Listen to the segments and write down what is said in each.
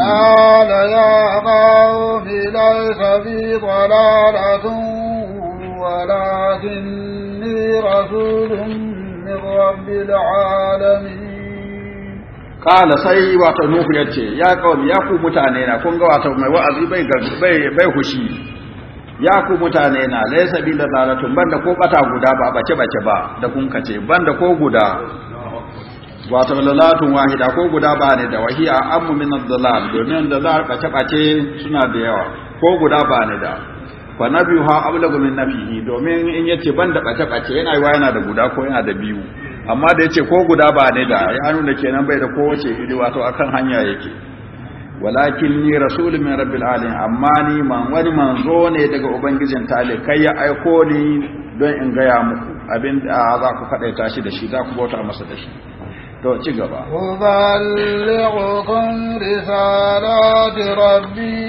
قال يا قوم ليس بي ضلالة ولكني رسول من رب العالمين قال sai wato Nuhu ya ce ya kawai ya ku mutane na kun ga wato mai wa'azi bai bai hushi ya ku mutane na laysa bi dalalatun banda ko bata guda ba bace bace ba da kun kace banda ko guda wato lalatun wahida ko guda ba ne da wahiya ammu min ad-dalal domin dalal bace bace suna da yawa ko guda ba ne da fa nabiyuha ablagu min nafihi domin in yace ban da bace bace yana yi yana da guda ko yana da biyu amma da yace ko guda ba ne da ya nuna kenan bai da kowace iri wato akan hanya yake walakin ni rasulun min rabbil alamin amma ni man wani manzo ne daga ubangijin kai ya aiko ni don in gaya muku abin da za ku faɗaita shi da shi za ku bauta masa da shi to ci gaba uballighukum risalati rabbi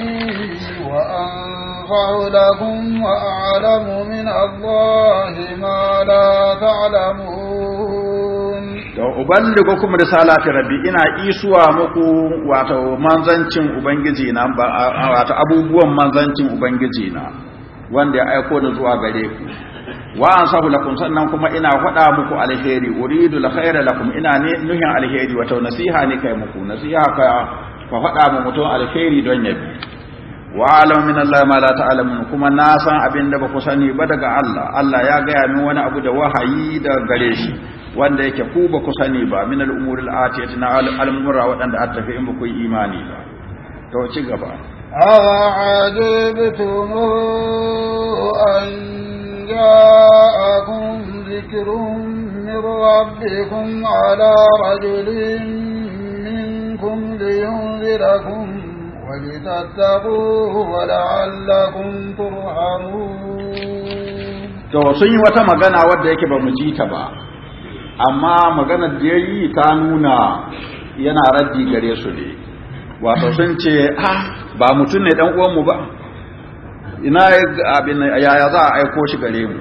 wa anfa'u lakum wa a'lamu min Allahi ma la ta'lamun to uballighukum risalati rabbi ina isuwa muku wato manzancin ubangiji na wato abubuwan manzancin ubangiji na wanda ya aiko da zuwa gare ku wa sahu lakum sannan kuma ina faɗa muku alheri uridu alkhaira lakum ina nuhin alheri wato nasiha ne kai muku nasiha ka fa faɗa mu mutum alheri don yabi wa alam min Allah ma la ta'lamun kuma na san abin da ba ku sani ba daga Allah Allah ya gaya min wani abu da wahayi da gare shi wanda yake ku ba ku sani ba min al-umuri al-atiyati na al in ba ku yi imani ba to ci gaba أَوَعَجِبْتُمُ أَنْ جاءكم ذكر من ربكم على رجل منكم لينذركم ولتتقوه ولعلكم ترحمون to sun yi wata magana wadda yake ba mu ji ta ba amma maganar da yayi ta nuna yana raddi gare su ne wato sun ce ah ba mutum ne dan uwan mu ba ina abin yaya za a aiko shi gare mu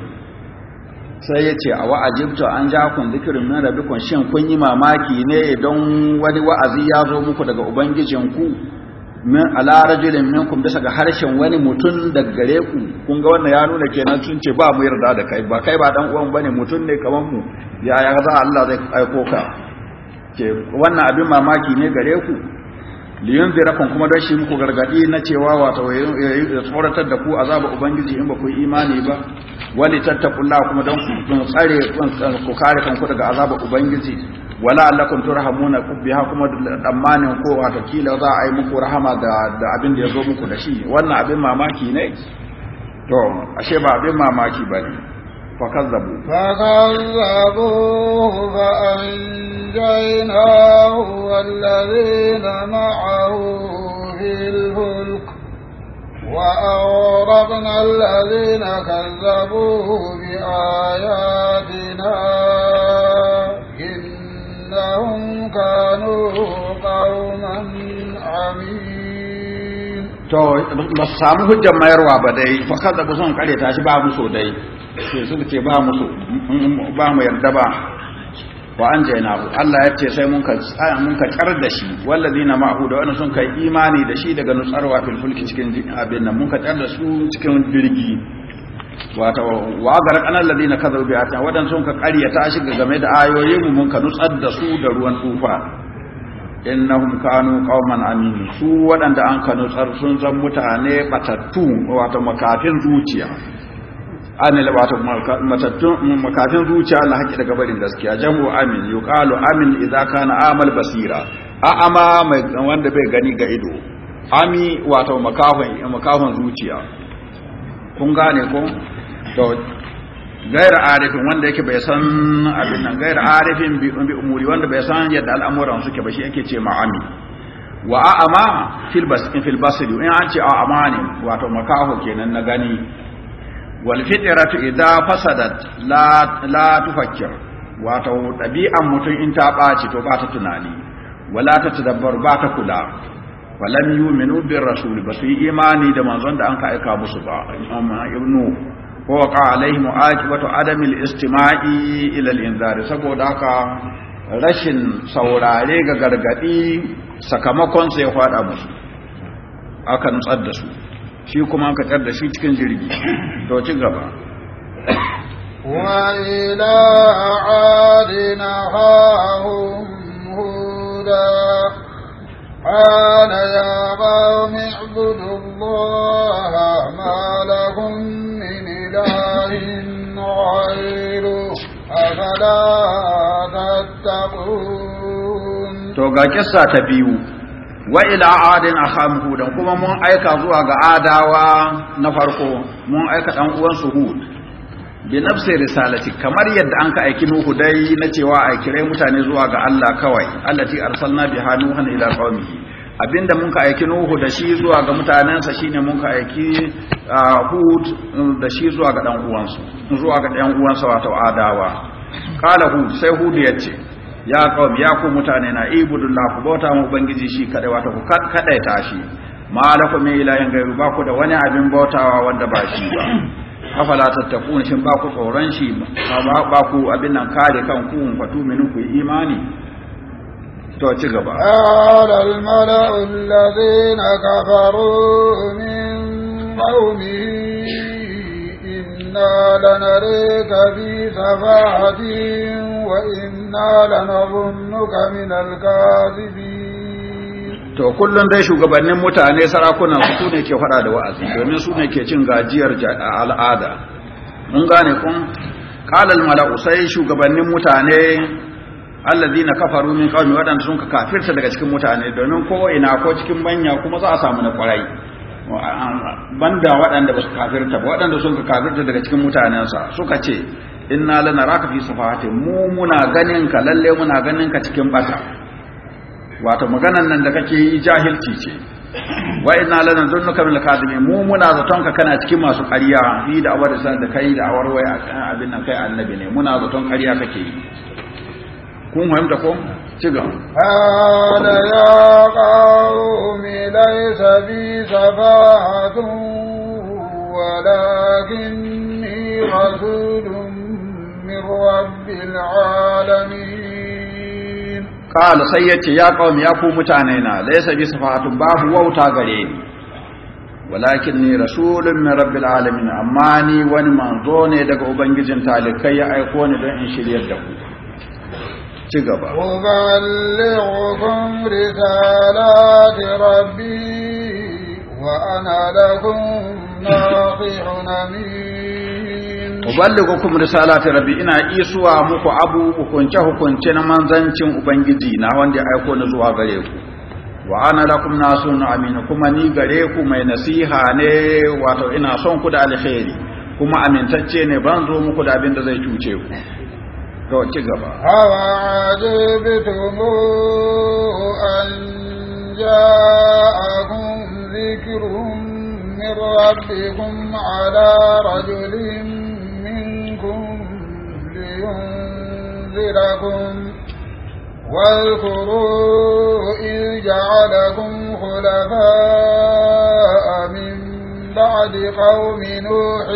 sai ya ce a wa'ajibta an ja kun zikirin min rabbikum shin kun yi mamaki ne don wani wa'azi ya zo muku daga ubangijinku min ala rajulin minkum bisa ga harshen wani mutum daga gare ku kun ga wannan ya nuna kenan sun ce ba mu yarda da kai ba kai ba dan uwan bane mutum ne kaman mu yaya za Allah zai aiko ka ke wannan abin mamaki ne gare ku liyun zirafin kuma don shi muku gargadi na cewa wata ya tsoratar da ku azaba ubangiji in ba ku imani ba wani tattakulla kuma don ku tsare ku kare kanku daga azaba ubangiji wala na kubbi biha kuma tsammanin ko wata kila za a yi muku rahama da abin da ya zo muku da shi wannan abin mamaki ne to ashe ba abin mamaki ba ne فكذبوا فكذبوه فأنجيناه والذين معه في الفلك وأورقنا الذين كذبوا بآياتنا إنهم كانوا قوما عمين to ba su samu hujjar mayarwa ba dai fa kada ba son kare ta shi ba mu so dai sai su ce ba musu mm, mm, ba mu yarda ba wa an ku. Allah ya ce sai mun ka mun ka kar da shi wallazina ma'hu da wannan sun kai imani da shi daga nutsarwa fil fulki cikin abin nan mun ka tsar da su cikin jirgi wato wa agar kana alladina kadhabu bi ata wadan sun ka ta shi game da ayoyin mu mun ka nutsar da su da ruwan tufa innahum kanu qauman amin su wadanda an ka nutsar sun zan mutane batattu wato makafin zuciya anil wato matattun makafin zuciya Allah haƙi daga barin gaskiya jamu amin yuqalu amin idza kana amal basira a ama mai wanda bai gani ga ido ami wato makafin makafin zuciya kun gane ko to gaira arifin wanda yake bai san abin nan gaira arifin bi umuri wanda bai san yadda al'amuran suke ba shi yake ce ma ami wa a fil basri fil basri in an ce a'ama ne wato makaho kenan na gani wal fitratu idza fasadat la la tufakkir wato dabi'an mutum in ta ɓaci to ba ta tunani wala ta tadabbar ba ta kula walam yu'minu bir rasul ba su yi imani da manzon da an ka aika musu ba amma ibnu ko waqa alaihim aqibatu adami al istima'i ila al inzari saboda haka rashin saurare ga gargadi sakamakonsa ya faɗa musu aka nutsar da su shi kuma ka tar da shi cikin jirgi to ci gaba wa ila adina hahum huda ana ya ba mi ibudu allah ma lahum min ilahin ghayru afala tattaqun to ga kissa ta biyu wa ila adin akham hudan kuma mun aika zuwa ga adawa na farko mun aika dan uwan su hud bi nafsi risalati kamar yadda an ka aiki nuhu dai na cewa a kirai mutane zuwa ga Allah kawai allati arsalna bi hanuhan ila qaumihi abinda mun ka aiki nuhu da shi zuwa ga mutanen sa shine mun ka aiki hud mm, da shi zuwa ga dan uwansu zuwa ga dan uwansa wato adawa qala hud sai hud ce. ya kawo ya ku mutane na ibudullah ku bauta mu ubangiji shi kadai wata ku ta shi ma mai min gairu ba ku da wani abin bautawa wanda ba shi ba afala tattaqun shin ba ku tsoron shi ba ku abin nan kare kan ku ku mini ku imani to ci gaba alal mala'u alladhina kafaru min qaumi إنا لنريك في سفاهة وإنا لنظنك من الكاذبين to kullum dai shugabannin mutane sarakunan su ne ke fada da wa'azi domin su ne ke cin gajiyar al'ada mun gane kun kalal mala'u sai shugabannin mutane allazina kafaru min qaumi wadanda sun ka kafirta daga cikin mutane domin ko ina ko cikin manya kuma za a samu na kwarai banda waɗanda ba su kafirta ba waɗanda sun ka kafirta daga cikin mutanensa suka ce inna lana raka fi safahatin mu muna ganin ka lalle muna ganin ka cikin bata wato maganan nan da kake yi jahilci ce wa inna lana dunnuka bil kadimi mu muna zaton ka kana cikin masu ƙarya fi da awar da kai da awar waya abin nan kai annabi ne muna zaton ƙarya kake yi kun fahimta ko cigaba ya qaumi laysa bi safahatun walakinni rasulun min alamin sai yace ya qaumi ya ku mutane na laysa bi safahatun babu wauta gare ni walakinni rasulun min rabbil alamin amma ni wani manzo ne daga ubangijin talikai ya aiko ni don in shiryar da ku ci gaba uballighukum risalati rabbi risalati rabbi ina isuwa muku abu hukunce hukunce na manzancin ubangiji na wanda aiko na zuwa gare ku wa ana lakum nasun amin kuma ni gare ku mai nasiha ne wato ina son ku da alkhairi kuma amintacce ne ban zo muku da abin da zai cuce ku to ci gaba awa ajibtum an ja'akum dhikrun min rabbikum ala rajulin minkum liyunzirakum واذكروا إذ جعلكم خلفاء من بعد قوم نوح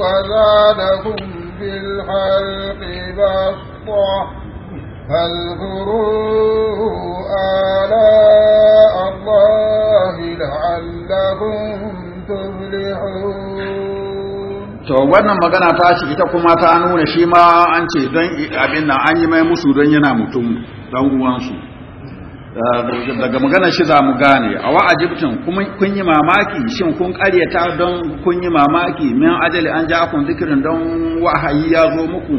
وزادكم في الخلق بسطة فاذكروا آلاء الله لعلكم تفلحون to wannan magana ta ce ita kuma ta nuna shi ma an ce don abin nan an yi mai musu don yana mutum don uwansu Eh, daga magana shi za mu gane a wa'ajibtun kun yi mamaki shin kun karyata don kun yi mamaki min ajali an ja kun zikirin don wahayi ya zo muku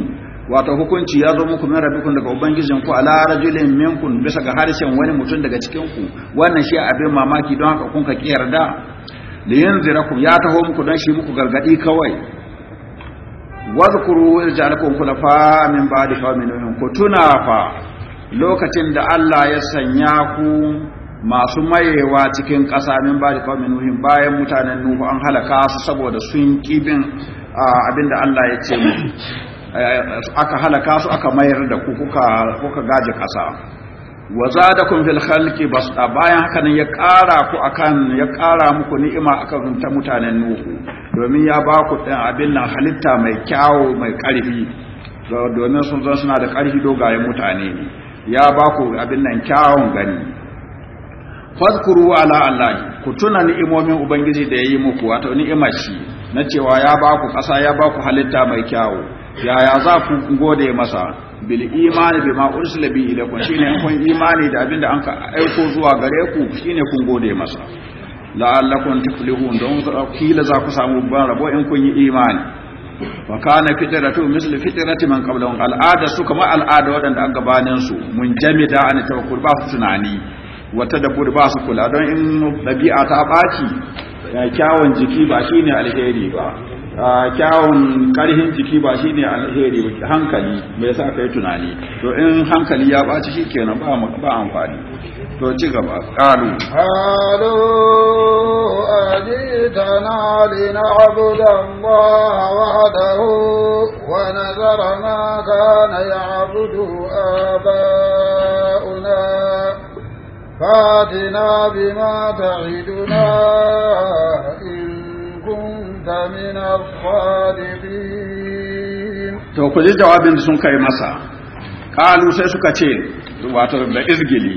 wato hukunci ya zo muku min rabbikum daga ubangijin ku ala rajulin minkum bisa ga harshen wani mutum daga cikin ku wannan shi abin mamaki don haka kun ka kiyarda li yanzirakum ya taho muku don shi muku gargadi kawai wadhkuru iz ja'alakum khulafa min ba'di qawmin ku tuna fa lokacin da Allah ya sanya ku masu mayewa cikin ƙasa min ba da kawai nuhin bayan mutanen nuhu an halaka su saboda sun kibin abinda Allah ya ce eh, aka halaka su aka mayar da ku kuka gaji ƙasa wa zadakum fil su basta bayan haka nan ya ƙara ku akan ya ƙara muku ni'ima akan ta mutanen nuhu domin ya ba ku ɗin abin nan halitta mai kyawo, mai ƙarfi domin sun zan suna da ƙarfi dogayen mutane ne ya ba ku abin nan kyawun gani fadkuru ala allahi ku tuna ni'imomin ubangiji da yayi muku wato ni'imar shi na cewa ya ba ku ƙasa ya ba ku halitta mai kyawu yaya za ku gode masa bil imani bi ma ursila bi ilaikum shine kun imani da abin da an ka aiko zuwa gare ku shine kun gode masa la'allakum tuflihun don kila za ku samu ban rabo in kun yi imani wa kana fitratu misli fitrati man qablahum al'ada su kama al'ada wadanda an gabanin su mun jamida an tawakkul ba su tunani wata da ba su kula don in dabi'a ta baci kyawun jiki ba shine alheri ba kyawun karhin jiki ba shine alheri ba hankali me yasa kai tunani to in hankali ya baci shikenan ba ba amfani to ci gaba qalu qalu ajitana lina'budu allaha wahdahu wa nazara ma kana ya'budu aba'una fatina bima ta'iduna in kunta min as-sadiqin to ku ji jawabin sun kai masa qalu sai suka ce wato da izgili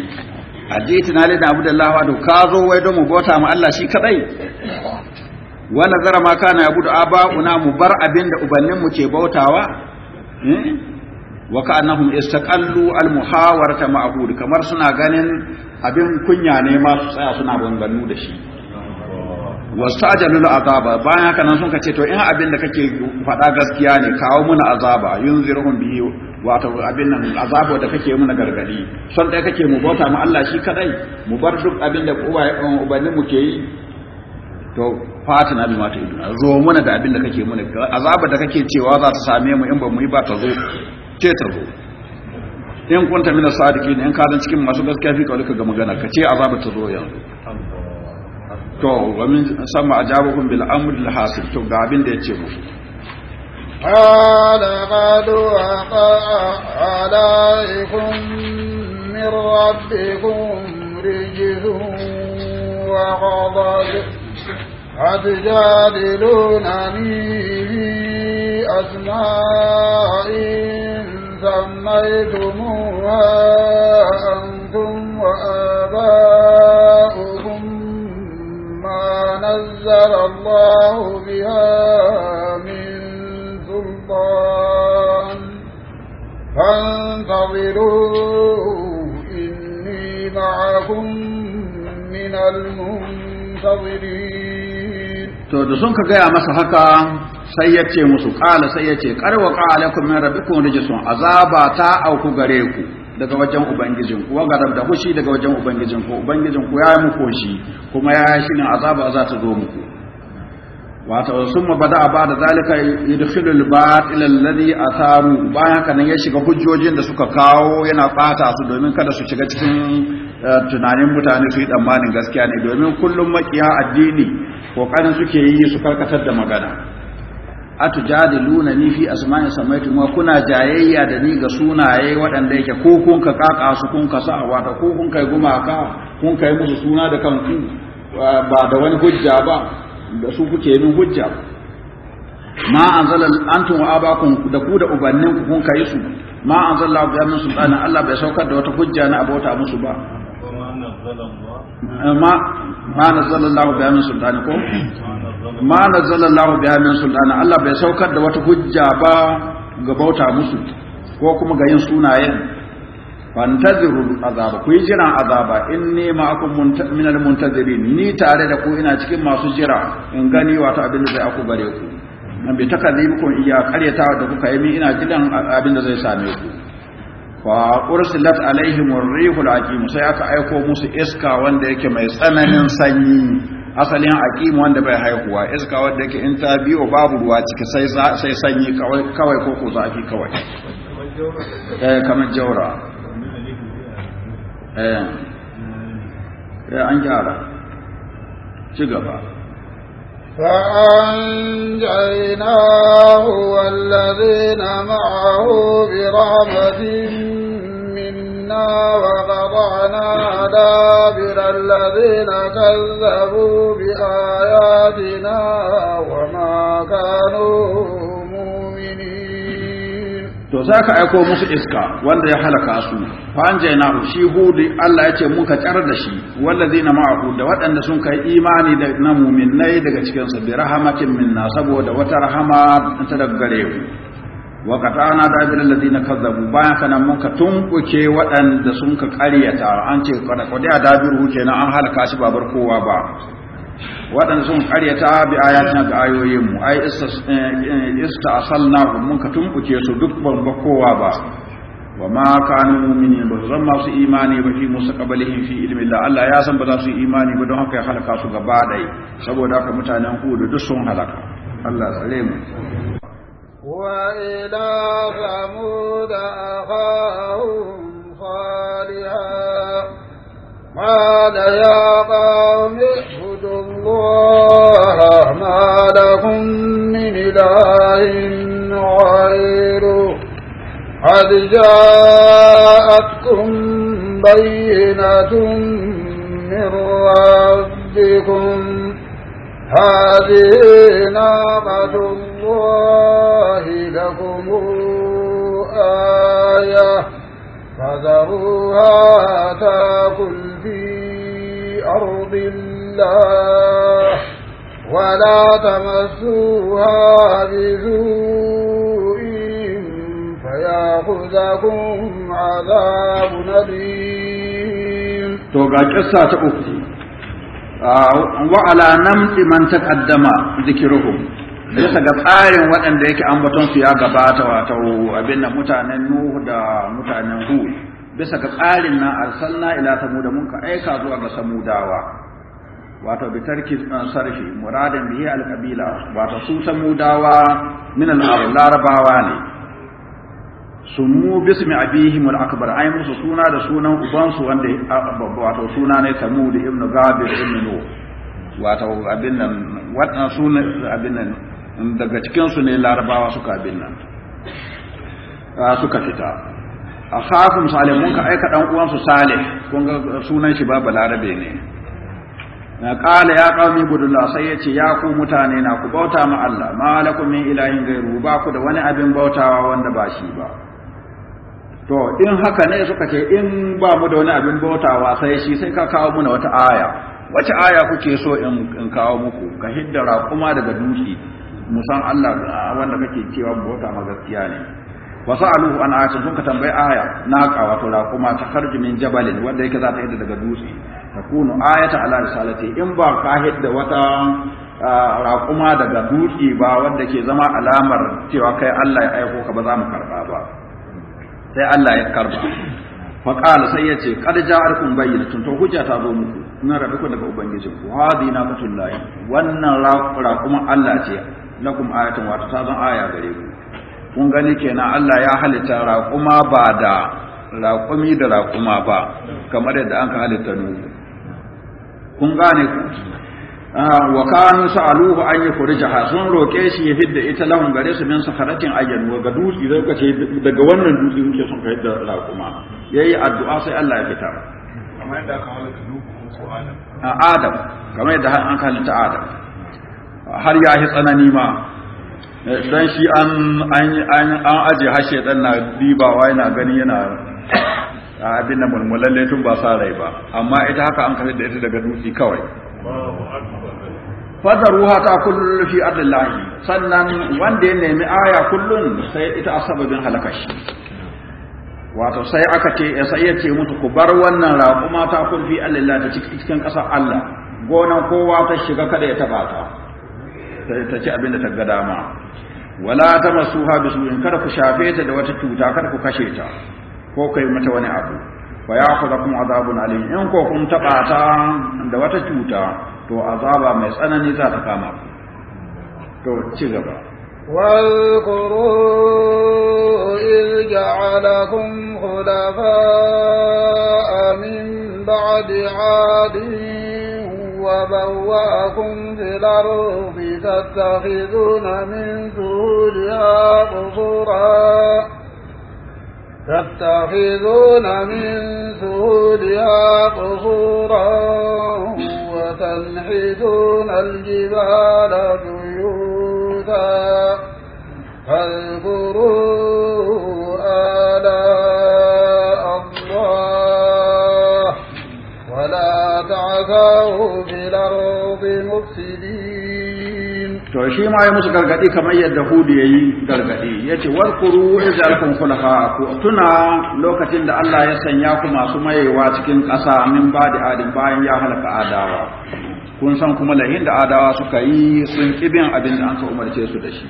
ajiyati na da abu da lawa da ka zo wai don mu bauta ma Allah shi kadai wani zara ma kana ya gudu una mu bar abin da ubanninmu ke bautawa eh? wa annahum istaqallu al-muhawarata ma'hud kamar suna ganin abin kunya ne ma su tsaya suna banganu da shi wastajalu azaba bayan haka nan sun ce to in abin da kake faɗa gaskiya ne kawo muna azaba yunziruhum bihi wato abin nan azabo da kake mu na gargadi son dai kake mu bauta mu Allah shi kadai mu bar duk abin da ubanni mu ke yi to fatina bi mata iduna zo muna da abin da kake muna azaba da kake cewa za ta same mu in ba mu yi ba ta zo ce ta zo in kunta mina sadiki ne in ka zan cikin masu gaskiya fi kawai ga magana ka ce azaba ta zo yanzu to wa min sama ajabukum bil amri al hasil to ga abin da yake musu قال قد وقع عليكم من ربكم رجل وغضب أتجادلونني في أسماء سميتموها أنتم وآباؤكم ما نزل الله بها من الشيطان فانتظروا إني معكم من المنتظرين to da sun ka gaya masa haka sai ya ce musu ƙala sai ya ce ƙarwa ƙalakun min rabbikum rijsun azaba ta auku gare ku daga wajen ubangijin ku wa da hushi daga wajen ubangijin ku ubangijin ku ya muku shi kuma ya shi ne azaba za ta zo muku wato sun mabada ba da zalika yudkhilu al-batil alladhi atharu bayan kana ya shiga hujjojin da suka kawo yana ɓata su domin kada su shiga cikin eh, tunanin mutane su yi tsammanin gaskiya ne domin kullum makiya addini kokarin suke yi su karkatar da magana atujadiluna ni fi asma'i samaitu wa kuna jayayya da ni ga sunaye waɗanda yake ko kun ka kaka su kun ka sa wata ko kun kai gumaka kun kai musu suna da kanku ba da wani hujja ba da su kuke yin hujja ma anzala antum wa abakum da ku da ubannin ku kun kai su ma anzala ga min sultana Allah bai saukar da wata hujja na abota musu ba ma ma nazala Allah ga min sultana ko ma nazala Allah ga min sultana Allah bai saukar da wata hujja ba ga bauta musu ko kuma ga yin sunayen fantaziru azaba ku yi jiran azaba in ne ma'akum min almuntazirin ni tare da ku ina cikin masu jira in gani wato abin da zai aku bare ku bi ku iya karyata da kuka yi min ina jiran abin da zai same ku fa ursilat alaihim ar-rihul aqim sai aka aiko musu iska wanda yake mai tsananin sanyi asalin aqim wanda bai haihuwa iska wanda yake in ta biyo babu ruwa ciki sai sai sanyi kawai kawai ko ko zafi kawai eh kamar jawra eh an gyara ci gaba فأنجيناه والذين معه برحمة منا وقطعنا دابر الذين كذبوا بآياتنا وما كانوا to za ka aiko musu iska wanda ya halaka su fanje na shi hudu Allah ya ce muka tsar da shi wallazi na ma'ahu da waɗanda sun kai imani da na muminai daga cikin su bi rahamatin minna saboda wata rahama ta daga gare ku wa qatana da bil ladina kazzabu bayan kana muka tunkuke waɗanda sun ka ƙaryata an ce kada kodai da biru kenan an halaka shi babar kowa ba waɗanda sun ƙaryata bi ayatina ga ayoyinmu ai eh, ista mun ka tumbuke su duk ban ba kowa ba wa ma kanu mu'minin ba zan masu imani ba fi mustaqbalihim fi ilmi la Allah ya san ba za su imani ba don haka ya halaka su gaba dai saboda haka mutanen hudu duk sun halaka Allah tsare mu وإلى ثمود أخاهم صالحا قال يا قوم الله ما لهم من إله غيره قد جاءتكم بينة من ربكم هذه نعمة الله لكم آية فذروها تاكل في أرض الله الله ولا تمسوها بسوء فياخذكم عذاب نبيل توقع قصة أخرى وعلى نمت من تقدم ذكرهم bisa ga tsarin waɗanda yake ambatonsu ya gabata wato abin da mutanen Nuhu da mutanen Hud bisa ga tsarin na arsalna ila samuda mun ka aika zuwa ga samudawa wato bi tarki uh, sarfi muradan bihi qabila wato su Mudawa, min al larabawa ne sumu bismi abihim al-akbar ay musu suna da sunan ubansu wanda uh, wato suna ne samud ibn gabir ibn nu wato abin nan wannan sunan abin nan daga cikin su ne larabawa suka abin nan uh, suka fita akhafum salih mun ka aika dan uwansu salih kun ga sunan shi babu Larabe ne Na kala ya gudun budullah sai ya ce ya ku mutane na ku bauta ma Allah ma lakum min ilahin gairu ba ku da wani abin bautawa wanda ba shi ba to in haka ne suka ce in ba mu da wani abin bautawa sai shi sai ka kawo muna wata aya wace aya kuke so in kawo muku ka hiddara kuma daga dushi san Allah ah, wanda kake cewa bauta ma gaskiya ne sa'alu an aya sun ka tambayi aya na kawato ra kuma ta harjumin min jabalin wanda yake za ta hidda daga dutse takunu ayata ala risalati in ba ka hidda wata raƙuma daga dutse ba wanda ke zama alamar cewa kai Allah ya aiko ka ba za mu karba ba sai Allah ya karba fa qala sai yace qad ja'alakum bayyinatun to hujja ta zo muku ina rabe ku daga ubangiji ku hadi na mutullahi wannan raƙuma Allah ce lakum ayatan wa ta zan aya gare ku kun gani kenan Allah ya halitta raƙuma ba da raƙumi da raƙuma ba kamar yadda an ka halitta nuhu kun gane ku ah, wa kanu sa'aluhu an ha sun roke shi ya fidda ita lahum gare su min sakaratin ayyan wa ga dutsi da kace daga wannan dutsi muke son ka yadda raƙuma yayi addu'a sai Allah ya fita kamar yadda aka halaka Nuhu ko Adam ah, Adam kamar yadda an Adam har ya yi tsanani ma eh, dan shi an an an aje har shedan na dibawa yana gani yana a abin da mulmulalle tun ba sa rai ba amma ita haka an kashe da ita daga dutse kawai ruha ta kullu fi ardillahi sannan wanda ya nemi aya kullun sai ita asababin halakar shi wato sai aka ce sai ya ce mutu ku bar wannan raƙuma ta kun fi Allah ta cikin ƙasar Allah gonan kowa ta shiga kada ya taba ta ta ci abin da ta ga dama wala ta masuha bisu in kada ku shafe ta da wata cuta kada ku kashe ta ko kai mata wani abu wa ya kuma azabun alim in ko kun taba ta da wata cuta to azaba mai tsanani za ta kama ku to ci gaba واذكروا إذ جعلكم خلفاء من بعد عاد وبوأكم في الأرض تتخذون من سهولها قصورا تتخذون من سهولها قصورا وتنحتون الجبال بيوتا فاذكروا آلاء الله ولا تعثوا في الأرض مفسدين to shi ma ya musu gargadi kamar yadda hudu ya yi gargadi ya ce warkuru izalkun kulafa ku tuna lokacin da Allah ya sanya ku masu mayewa cikin ƙasa min ba da adin bayan ya halaka adawa kun san kuma lahin da adawa suka yi sun kibin abin da an umarce su da shi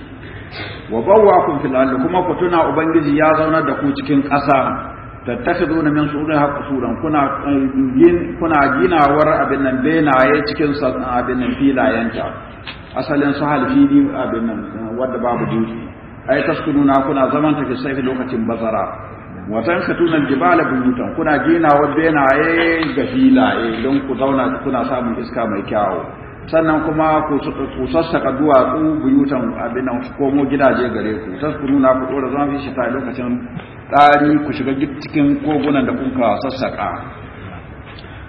wa bawwa kun fil kuma ku tuna ubangiji ya zaunar da ku cikin ƙasa tattakiduna min suduriha qusuran kuna eh, yin kuna ginawar abin nan benaye cikin abin nan ta, asalin su din abin nan wanda babu dutse ai taskununa kuna zaman take sai lokacin bazara wa tankatuna aljibala buyutan kuna ginawar benaye ga filaye don ku zauna kuna samun iska mai kyau sannan kuma ku sassaka duwatsu buyutan abin nan ku komo gidaje gare ku taskununa ku dora zaman fi shi ta lokacin tsari ku shiga cikin kogunan da kun ka sassaƙa.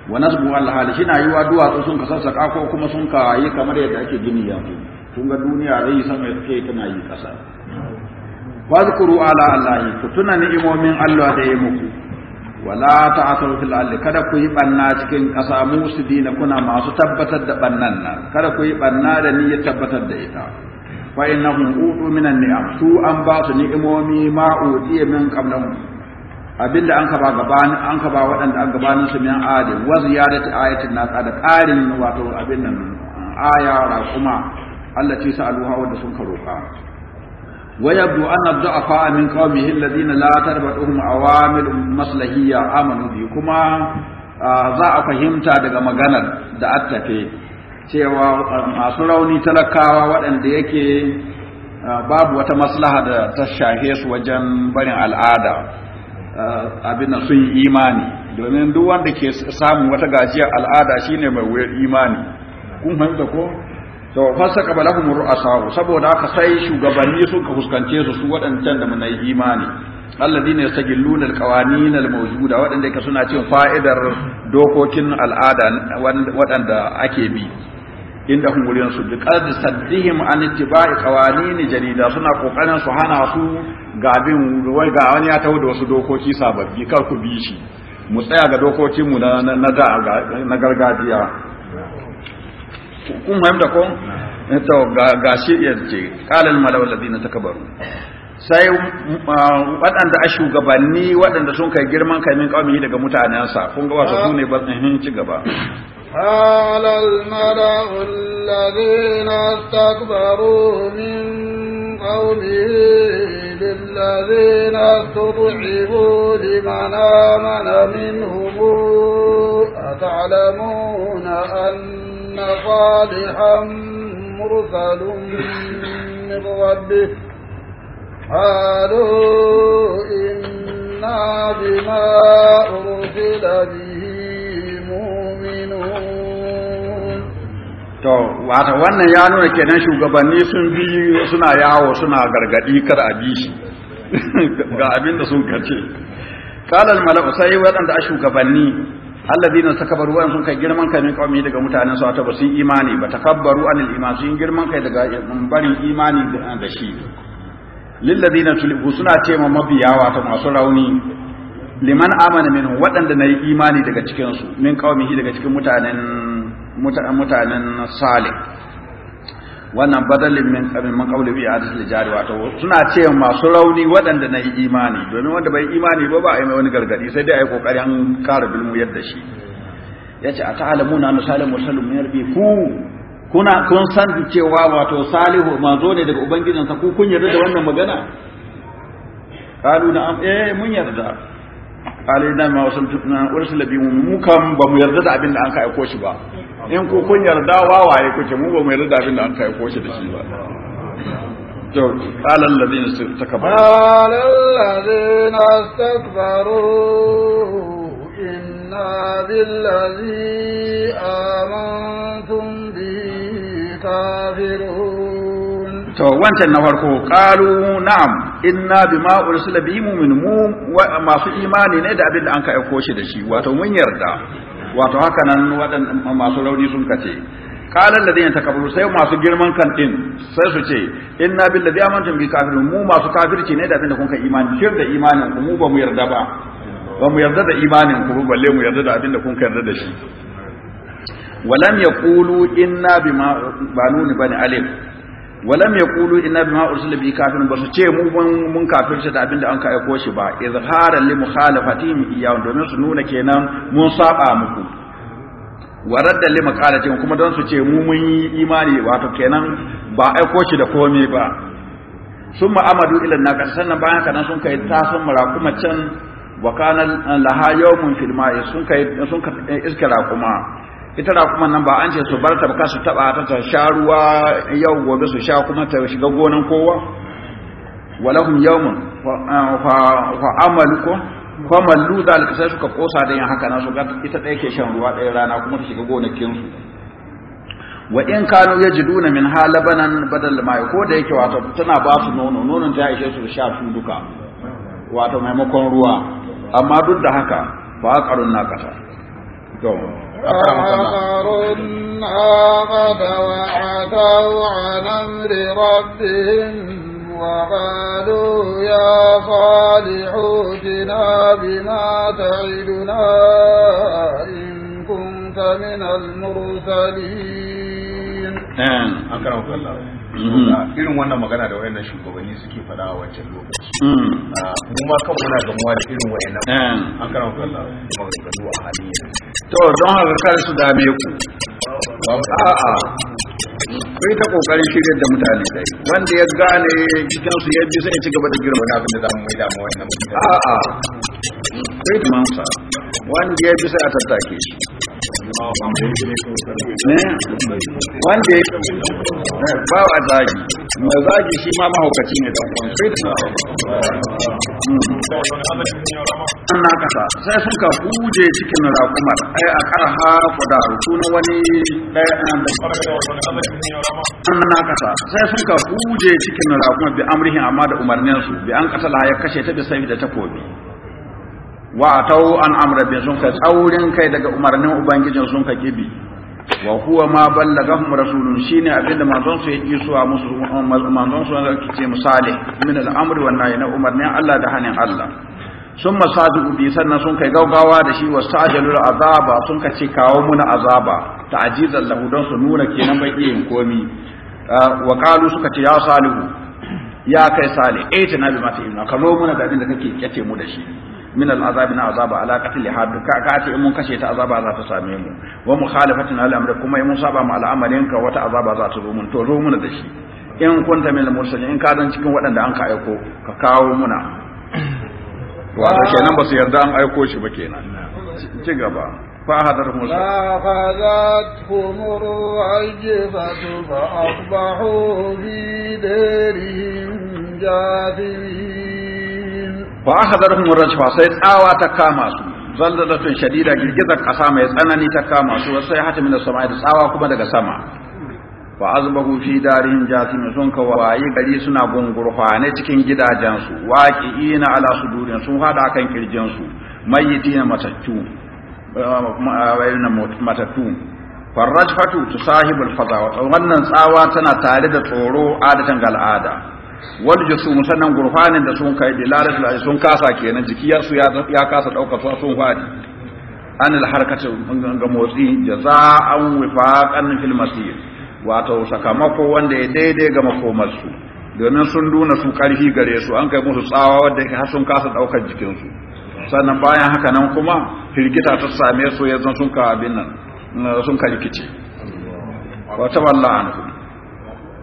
wa nasbu alhal shi na yi wa duwatsu sun ka sassaƙa ko kuma sun ka yi kamar yadda ake gini yanzu sun ga duniya zai sama ya tana yi kasa fadhkuru ala allahi ku tuna ni'imomin Allah da ya muku wala ta'tharu fil ardi kada ku yi banna cikin kasa dina kuna masu tabbatar da bannan nan kada ku yi banna da ya tabbatar da ita fa innahum utu minan ni'am su an ba su ni'imomi ma utiya min qablahum abinda an ka gaban an ka ba waɗanda an gabanin su min adi wa ziyadati ayatin nasa da ƙarin wato abin nan aya ra kuma Allah ce aluha wanda sun ka roƙa wa yabdu anna du'afa min qawmihi alladhina la tarbatuhum awamil maslahiyya amanu bi kuma za a fahimta daga maganar da attafe cewa um, masu rauni talakawa waɗanda yake uh, babu wata maslaha da ta shahe su wajen barin al'ada uh, abin da sun yi imani domin duk wanda ke samun wata gajiyar al'ada shine mai wuyar imani kun da ko to fasaka balahum ru'asa saboda aka sai shugabanni ka fuskance su su waɗancan da mun yi imani alladina na alqawanin da waɗanda ka suna cin fa'idar dokokin al'ada waɗanda ake bi inda kun gurin su duka da saddihim an ittiba'i qawanin jarida suna kokarin su hana su ga abin wai ga wani ya tawo da wasu dokoki sababbi kar ku bi shi mu tsaya ga dokokinmu na na gargajiya kun fahimta ko to ga shi yace qala malaw alladhina takabaru sai uh, waɗanda a shugabanni waɗanda sun kai girman kai min kawai daga mutanensa kun ga sune ah. su ne ba eh, ci gaba على الملأ الذين استكبروا من قومه للذين استضعفوا لمن آمن منهم أتعلمون أن صالحا مرسل من ربه قالوا إنا بما أرسل به to wata wannan ya nuna kenan shugabanni sun bi suna yawo suna gargadi kar a bi shi ga abin da sun kace qala al mala'u sai wadanda a shugabanni alladina takabbaru wa sun kai girman kai min qaumi daga mutanen su ta basu imani ba takabbaru anil iman sun girman kai daga bari imani da shi lilladina tulibu suna ce ma mabiyawa ta masu rauni liman amana min waɗanda na yi imani daga cikinsu min kawamihi daga cikin mutanen mutanen salih wannan badalin min kabin man qabl bi adil jari wato suna ce masu rauni waɗanda na yi imani domin wanda bai imani ba ba a yi mai wani gargadi sai dai a yi kokari an kare bilmu yadda shi yace a ta'alamuna anna salihu sallallahu min wasallam ku kuna kun san cewa wato salihu manzo ne daga ubangijinsa ku kun yarda da wannan magana kalu na eh mun yarda qalina ma wasaltuna ursila labi mu kan ba mu yarda da abin da an kai ko shi ba in ko kun yarda wawaye kuke mu ba mu yarda da abin da an kai ko shi da shi ba to qala alladhina istakbaru qala alladhina istakbaru inna billazi amantum bi kafirun to wancan na farko qalu na'am inna bima ursila bihi mu'min mu masu imani ne da abin da an ka aiko shi da shi wato mun yarda wato haka nan waɗannan masu rauni sun kace qala alladhina takabbaru sai masu girman kan din sai su ce inna billazi amantum bi kafirun mu masu kafirci ne da abin da kun ka imani shir da imanin ku mu ba mu yarda ba ba mu yarda da imanin ku balle mu yarda da abin da kun ka yarda da shi walam yaqulu inna bima banuni bani alif walam yaqulu inna bima ursila bi ba basu ce mu mun kafin kafirce da abinda an ka aiko shi ba izharan li mukhalafatihim iyyahu domin su nuna kenan mun saba muku wa li maqalatin kuma don su ce mu mun yi imani wato kenan ba aiko shi da komai ba summa amadu ila naka sannan bayan kana sun kai tasan murakuma can wa kana laha yawmun fil ma'i sun kai sun ka iskara kuma ita da kuma nan ba an ce su bar ta ka su taba ta ta sha ruwa yau gobe su sha kuma ta shiga gonan kowa walahum yawmun fa amalukum fa mallu zalika sai suka kosa da yin haka na su ita da yake shan ruwa ɗaya rana kuma ta shiga gonakin su wa in kanu yajiduna min halabanan badal ma ko da yake wato tana ba su nono nonon ta ishe su sha su duka wato maimakon ruwa amma duk da haka ba qarun nakata to أكرمك الله آمن عن أمر ربهم وقالوا يا صالح ائتنا بما تعدنا إن كنت من المرسلين. نعم أكرمك الله. Mm-hmm. Ah, irin wannan magana da wayannan shugabanni suke fada a wancan lokaci kuma mm. ah, kan muna gamuwa da irin wayannan eh. an karan kallon maganganu a hali yanzu to don haka kar su dame ku a'a kai ta kokari shirya da mutane dai wanda ya gane cikin su ya bi sai ci gaba da girma na abin da zamu mai da mu wannan a'a kai ta mansa wanda ya bi sai a tattake shi wanda ya ba a zagi mai zagi shi ma mahaukaci ne don kwanfai da an na kasa sai suka ka huje cikin rakumar ai a kara da kuda na wani ɗaya an na kasa sai suka ka huje cikin rakumar bi amrihin amma da umarninsu bi an kasa la ya kashe ta da sai da takobi wa atau an amra bi sun ka tsaurin kai daga umarnin ubangijin sun ka kibi wa huwa ma hum rasulun shine abinda manzon su ya a musu manzon su ya kice misali min al-amri wa nahyi na umarnin Allah da hanin Allah sun masadu bi sannan sun kai gaugawa da shi wa sa'jalul azaba sun ka ce kawo muna azaba ta'jizan lahu don su nuna kenan bai iya komi wa qalu suka ce ya salihu ya kai salih eh tana bi mata ina kamo muna da abinda kake kyace mu da shi min al'azab na azaba ala qatl hadu ka ka ce mun kashe ta azaba za ta same mu wa mukhalafatin al'amr kuma in mun saba mu al'amarin ka wata azaba za ta zo mun to zo muna da shi in kunta min al-mursalin in ka dan cikin waɗanda an ka aiko ka kawo muna wato nan ba su yarda an aiko shi ba kenan ci gaba فأخذتهم فأخذتهم الرجفة فأصبحوا في دارهم جاثمين fa akhadharhum rajfa sai tsawa ta kama su zallalatun shadida girgizar kasa mai tsanani ta kama su sai hata min sama da tsawa kuma daga sama wa azbahu fi darihim jasim sun ka waye gari suna gungurfane cikin gidajensu waqiina ala sudurin sun hada kan kirjinsu mayyitina matattu eh, eh, matattu farrajfatu tusahibul alfaza wannan tsawa tana tare da tsoro adatan gal'ada wal jusum sannan gurfanin da sun kai da sun kasa kenan jikiyar su ya kasa dauka su sun fadi anil harkatu ga motsi jaza'an wifaqan fil masir wato sakamako wanda ya daidai ga makomar su domin sun duna su karfi gare su an kai musu tsawa wanda yake sun kasa daukar jikin su sannan bayan haka nan kuma firgita ta same su yanzu sun ka abin nan sun ka rikice wa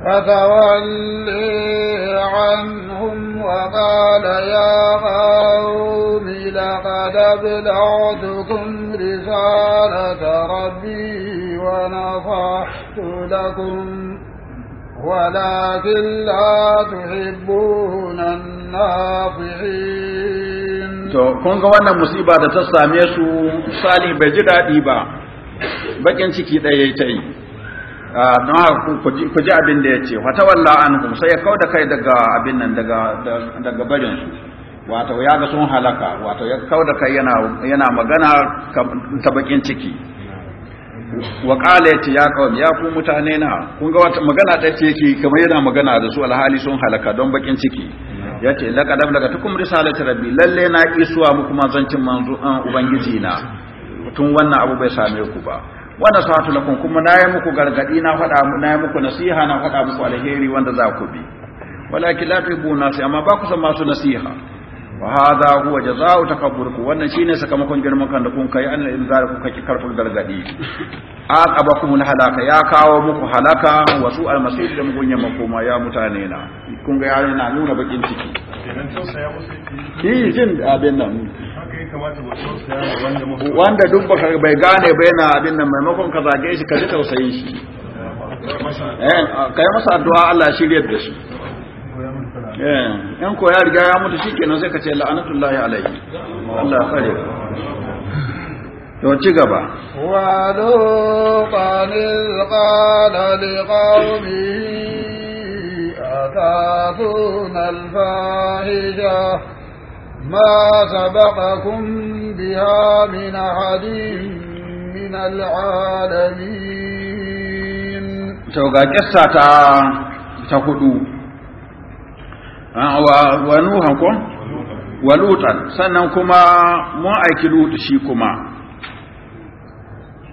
فتولي عنهم وقال يا قوم لقد ابلغتكم رسالة ربي ونصحت لكم ولكن لا تحبون الناصحين to kun ga wannan musiba da ta same su sali bai ji daɗi ba bakin ciki ɗaya ta yi Ah, don haka ku ji abin da ya ce wata walla ku sai ya da kai daga abin nan daga daga barin su wato ya ga sun halaka wato ya da kai yana yana magana ta bakin ciki wa qala ya qawm ya ku mutane na kun ga wata magana ta ce yake kamar yana magana da su alhali sun halaka don bakin ciki Ya ce laqad daga tukum risalati rabbi lalle na isuwa muku manzancin manzo ah, ubangiji na tun wannan abu bai same ku ba wa nasahatu lakum kuma nayi muku gargadi na faɗa nayi muku nasiha na fada muku alheri wanda za ku bi walakin la tibu sai amma ba ku san masu nasiha wa hadha huwa jazaa'u takabburku wannan shine sakamakon girman kan da kun kai an in inzar ku kake karfin gargadi mun halaka ya kawo muku halaka wa su almasir da mugun ya makoma ya mutane na kun ga na nuna bakin ciki wanda duk baka bai gane bai na abin nan maimakon ka zage shi ka ji tausayin shi eh kai masa addu'a Allah shirya da shi eh in riga ya mutu shikenan sai ka ce la'anatullahi alaihi Allah ya kare to ci gaba wa do qanil qala liqawmi atatuna al-fahisha ما سبقكم بها من أحد من العالمين توقع قصة تقدو ونوحكم ولوطا سننكما كما مو أيكي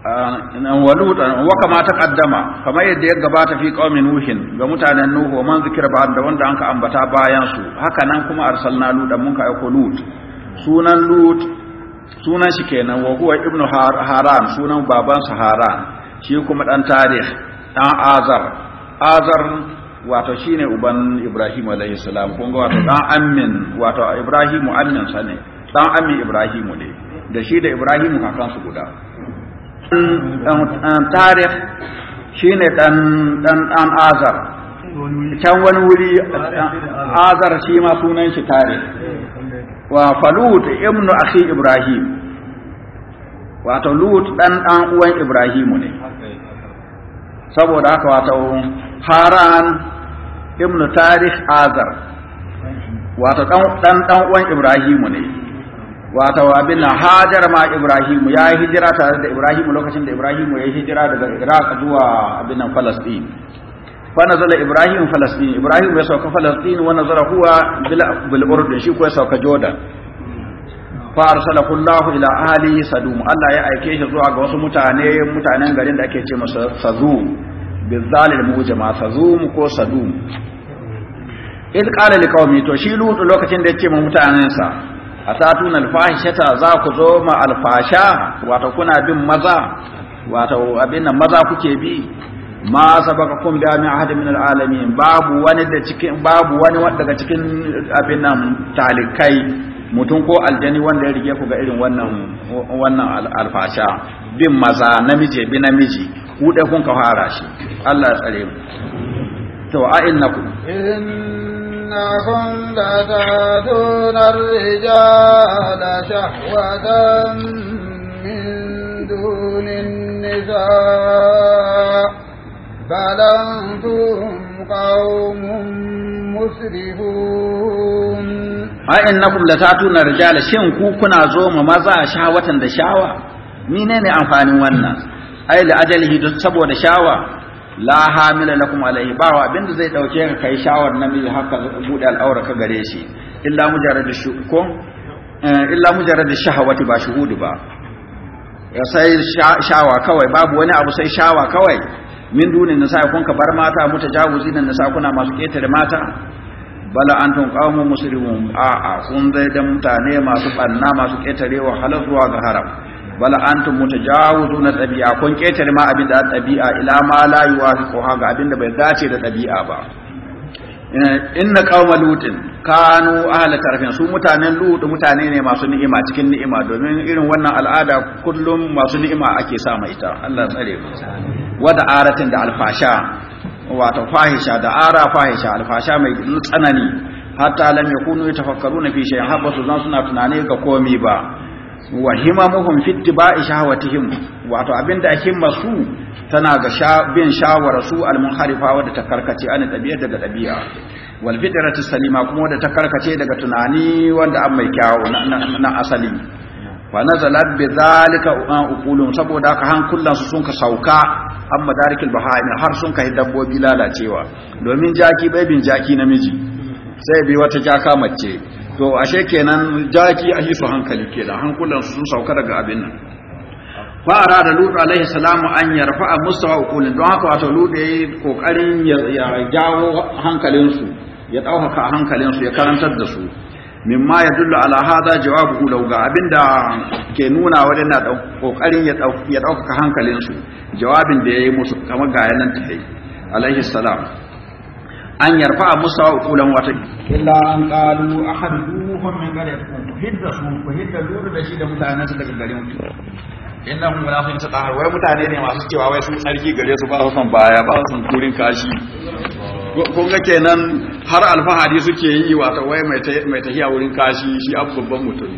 Ah, walutan wa kama taqaddama kamar yadda ya gabata fi qaumin nuhin ga mutanen nuhu wa man zikira ba da wanda anka ambata bayan su haka nan kuma arsalna ludan mun ka aiko lut sunan lut sunan shi kenan wa huwa ibnu haran sunan baban sa haran shi kuma dan tarih dan azar azar wato shine uban ibrahim alayhi salam kun ga wato dan ammin wato ibrahim ammin sa ne dan ammin ibrahim ne da shi da ibrahim kakan su guda tarih shine dan dan dan azar can wani wuri azar shi ma sunan shi tarih wa falut ibnu akhi ibrahim wato lut dan dan uwan ibrahimu ne saboda haka wato haran ibnu tarih azar wato dan dan uwan ibrahimu ne wato abin hajar ma ibrahimu ya yi hijira tare da ibrahimu lokacin da ibrahimu ya yi hijira daga iraq zuwa abinan nan falastin fa zala ibrahim falastin ibrahim ya sauka falastin wani zara huwa bilburdin shi ko ya sauka jordan fa arsalahu ila ahali sadum allah ya aike shi zuwa ga wasu mutane mutanen garin da ake ce masa sadum bizalil mujama sadum ko sadum id qala to shi lutu lokacin da ya ce mutanensa atatuna alfahishata za ku zo ma alfasha wato kuna bin maza wato abin nan maza kuke bi ma kun bi amin ahadin min alalamin babu wani da cikin babu wani daga cikin abin nan talikai mutum ko aljani wanda ya rige ku ga irin wannan wannan alfasha bin maza namiji bi namiji ku da kun ka fara shi Allah ya tsare mu to a innakum أنكم لتأتون الرجال شهوة من دون النساء بل أنتم قوم مسرفون ai innakum latatuna rijala shin ku kuna zo ma maza shawatan da shawa menene amfanin wannan ai la ajalihi saboda shawa la hamila lakum alaihi ba wa abinda zai dauke ka kai shawar namiji haka bude al'aura ka gare shi illa mujarrad shukun eh, illa mujarrad shahawati ba shuhudu ba ya sai shawa kawai babu wani abu sai shawa kawai min dunin nisa kun ka bar mata muta jawuzi nan nisa kuna masu ketare mata bala antum qawmun muslimun a a kun zai da mutane masu banna masu ketarewa halal zuwa ga haram bala antum mutajawizuna tabi'a kun ketare ma abin da tabi'a ila ma la koha ga abin da bai dace da tabi'a ba inna qauma lutin kanu ahla tarfin su mutanen lutu mutane ne masu ni'ima cikin ni'ima domin irin wannan al'ada kullum masu ni'ima ake sa mai ita Allah tsare mu wada aratin da alfasha wato fahisha da ara fahisha alfasha mai tsanani hatta lam yakunu yatafakkaruna fi shay'in habba su zan suna tunane ga komi ba wa himamuhum fi tibai shahawatihim wato abinda himma su tana ga bin shawara su al-munharifa wadda ta karkace an tabiyar daga tabiya wal fitratu salima kuma wadda ta karkace daga tunani wanda an mai kyawu na asali wa nazalat bi zalika uh, uqulum saboda ka hankulan su sun ka sauka an madarikil bahaim har sun ka dabbobi lalacewa domin jaki bai bin jaki namiji sai bi wata jaka mace to ashe kenan jaki a su hankali ke da hankulan sun sauka daga abin nan fara da lutu alaihi salamu an ya rafa a mustawa don haka wato lutu ya yi kokarin ya jawo hankalinsu ya ɗaukaka hankalinsu ya karantar da su mimma ya dullu ala hada jawabu ku ga abinda ke nuna wani na kokarin ya ɗaukaka hankalinsu jawabin da ya yi musu kamar ga yanan tayi alaihi salam an yarfa a musa wa kulan wata illa an qalu ahaduhum min qaryatin hidda su ko hidda lura da shi da mutanen su daga garin ku innahum munafiqun tatahar wai mutane ne masu cewa wai sun sarki gare su ba su son baya ba su son turin kashi kun ga kenan har alfahari suke yi wata wai mai tahiya wurin kashi shi abu babban mutum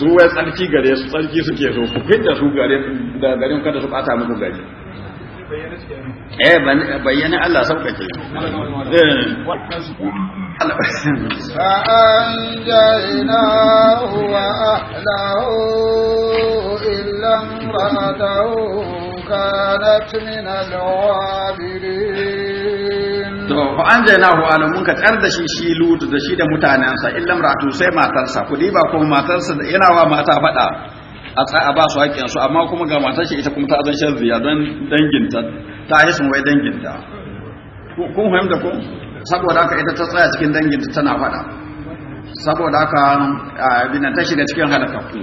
su wai tsarki gare su sarki suke so ku hidda su gare da garin kada su bata muku gari eh bayyana Allah sauƙaƙe فأنجيناه وأهله إلا امرأته كانت من الغابرين فأنجيناه وأهله mun ka tsar da shi shi lutu da shi da mutanensa illam ratu sai matarsa kudi ba kuma matarsa yana wa mata faɗa a ba su haƙƙin su amma kuma ga matar shi ita kuma ta azan ziya don danginta ta yi sun wai danginta kun fahimta ko saboda haka ita ta tsaya cikin danginta tana faɗa saboda haka binan ta shiga cikin halakakku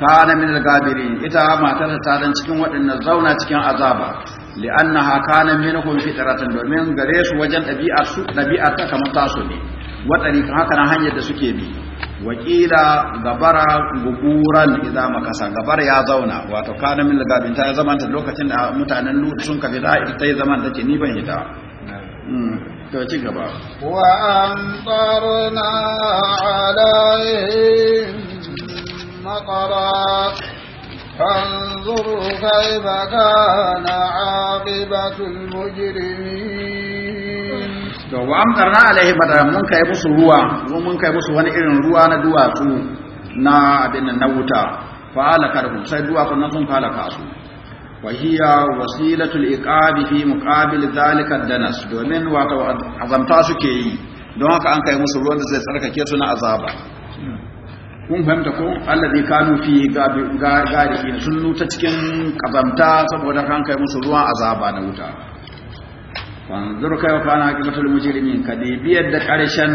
kana min al ita matar ta dan cikin waɗannan zauna cikin azaba na min kun fi fitratan domin gare su wajen ɗabi'a ta kamar tasu ne wa tariqan haka nan hanyar da suke bi Waƙila gabara guguran idza makasa gabar ya zauna wato kana min lagabin ta zaman ta lokacin da mutanen lu sun ka da ita zaman take ni ban hita hmm, to ci gaba wa amtarna alaihim maqara فانظر كيف كان عاقبة المجرمين to wa amtarna alaihi mun kai musu ruwa mun kai musu wani irin ruwa na duwatsu na abin na wuta fa karbu sai duwatsu nan sun halaka su wa hiya wasilatul iqabi fi muqabil zalika danas domin ta azamta suke yi don haka an kai musu ruwan da zai tsarkake su na azaba kun fahimta ko alladhi kanu fi gari sun nuta cikin kazamta saboda kan kai musu ruwan azaba na wuta fanzur kai wa kana aqibatul mujrimin ka dibi yadda karshen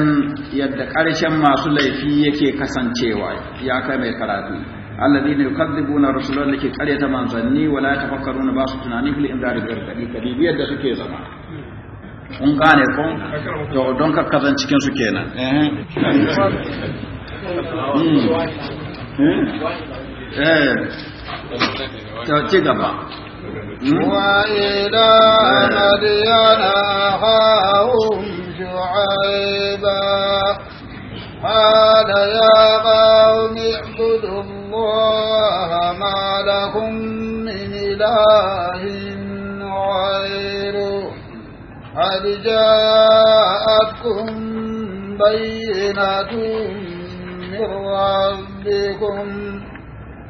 yadda karshen masu laifi yake kasancewa ya kai mai karatu alladhina yukadzibuna rasulan laki qaryata manzanni wala tafakkaruna ba su tunani fil inzari bil kadi ka dibi yadda suke zama kun gane ko to don ka kazan cikin su kenan eh eh to ci gaba وإلى مدين أخاهم شعيبا قال يا قوم اعبدوا الله ما لكم من إله غيره قد جاءتكم بينة من ربكم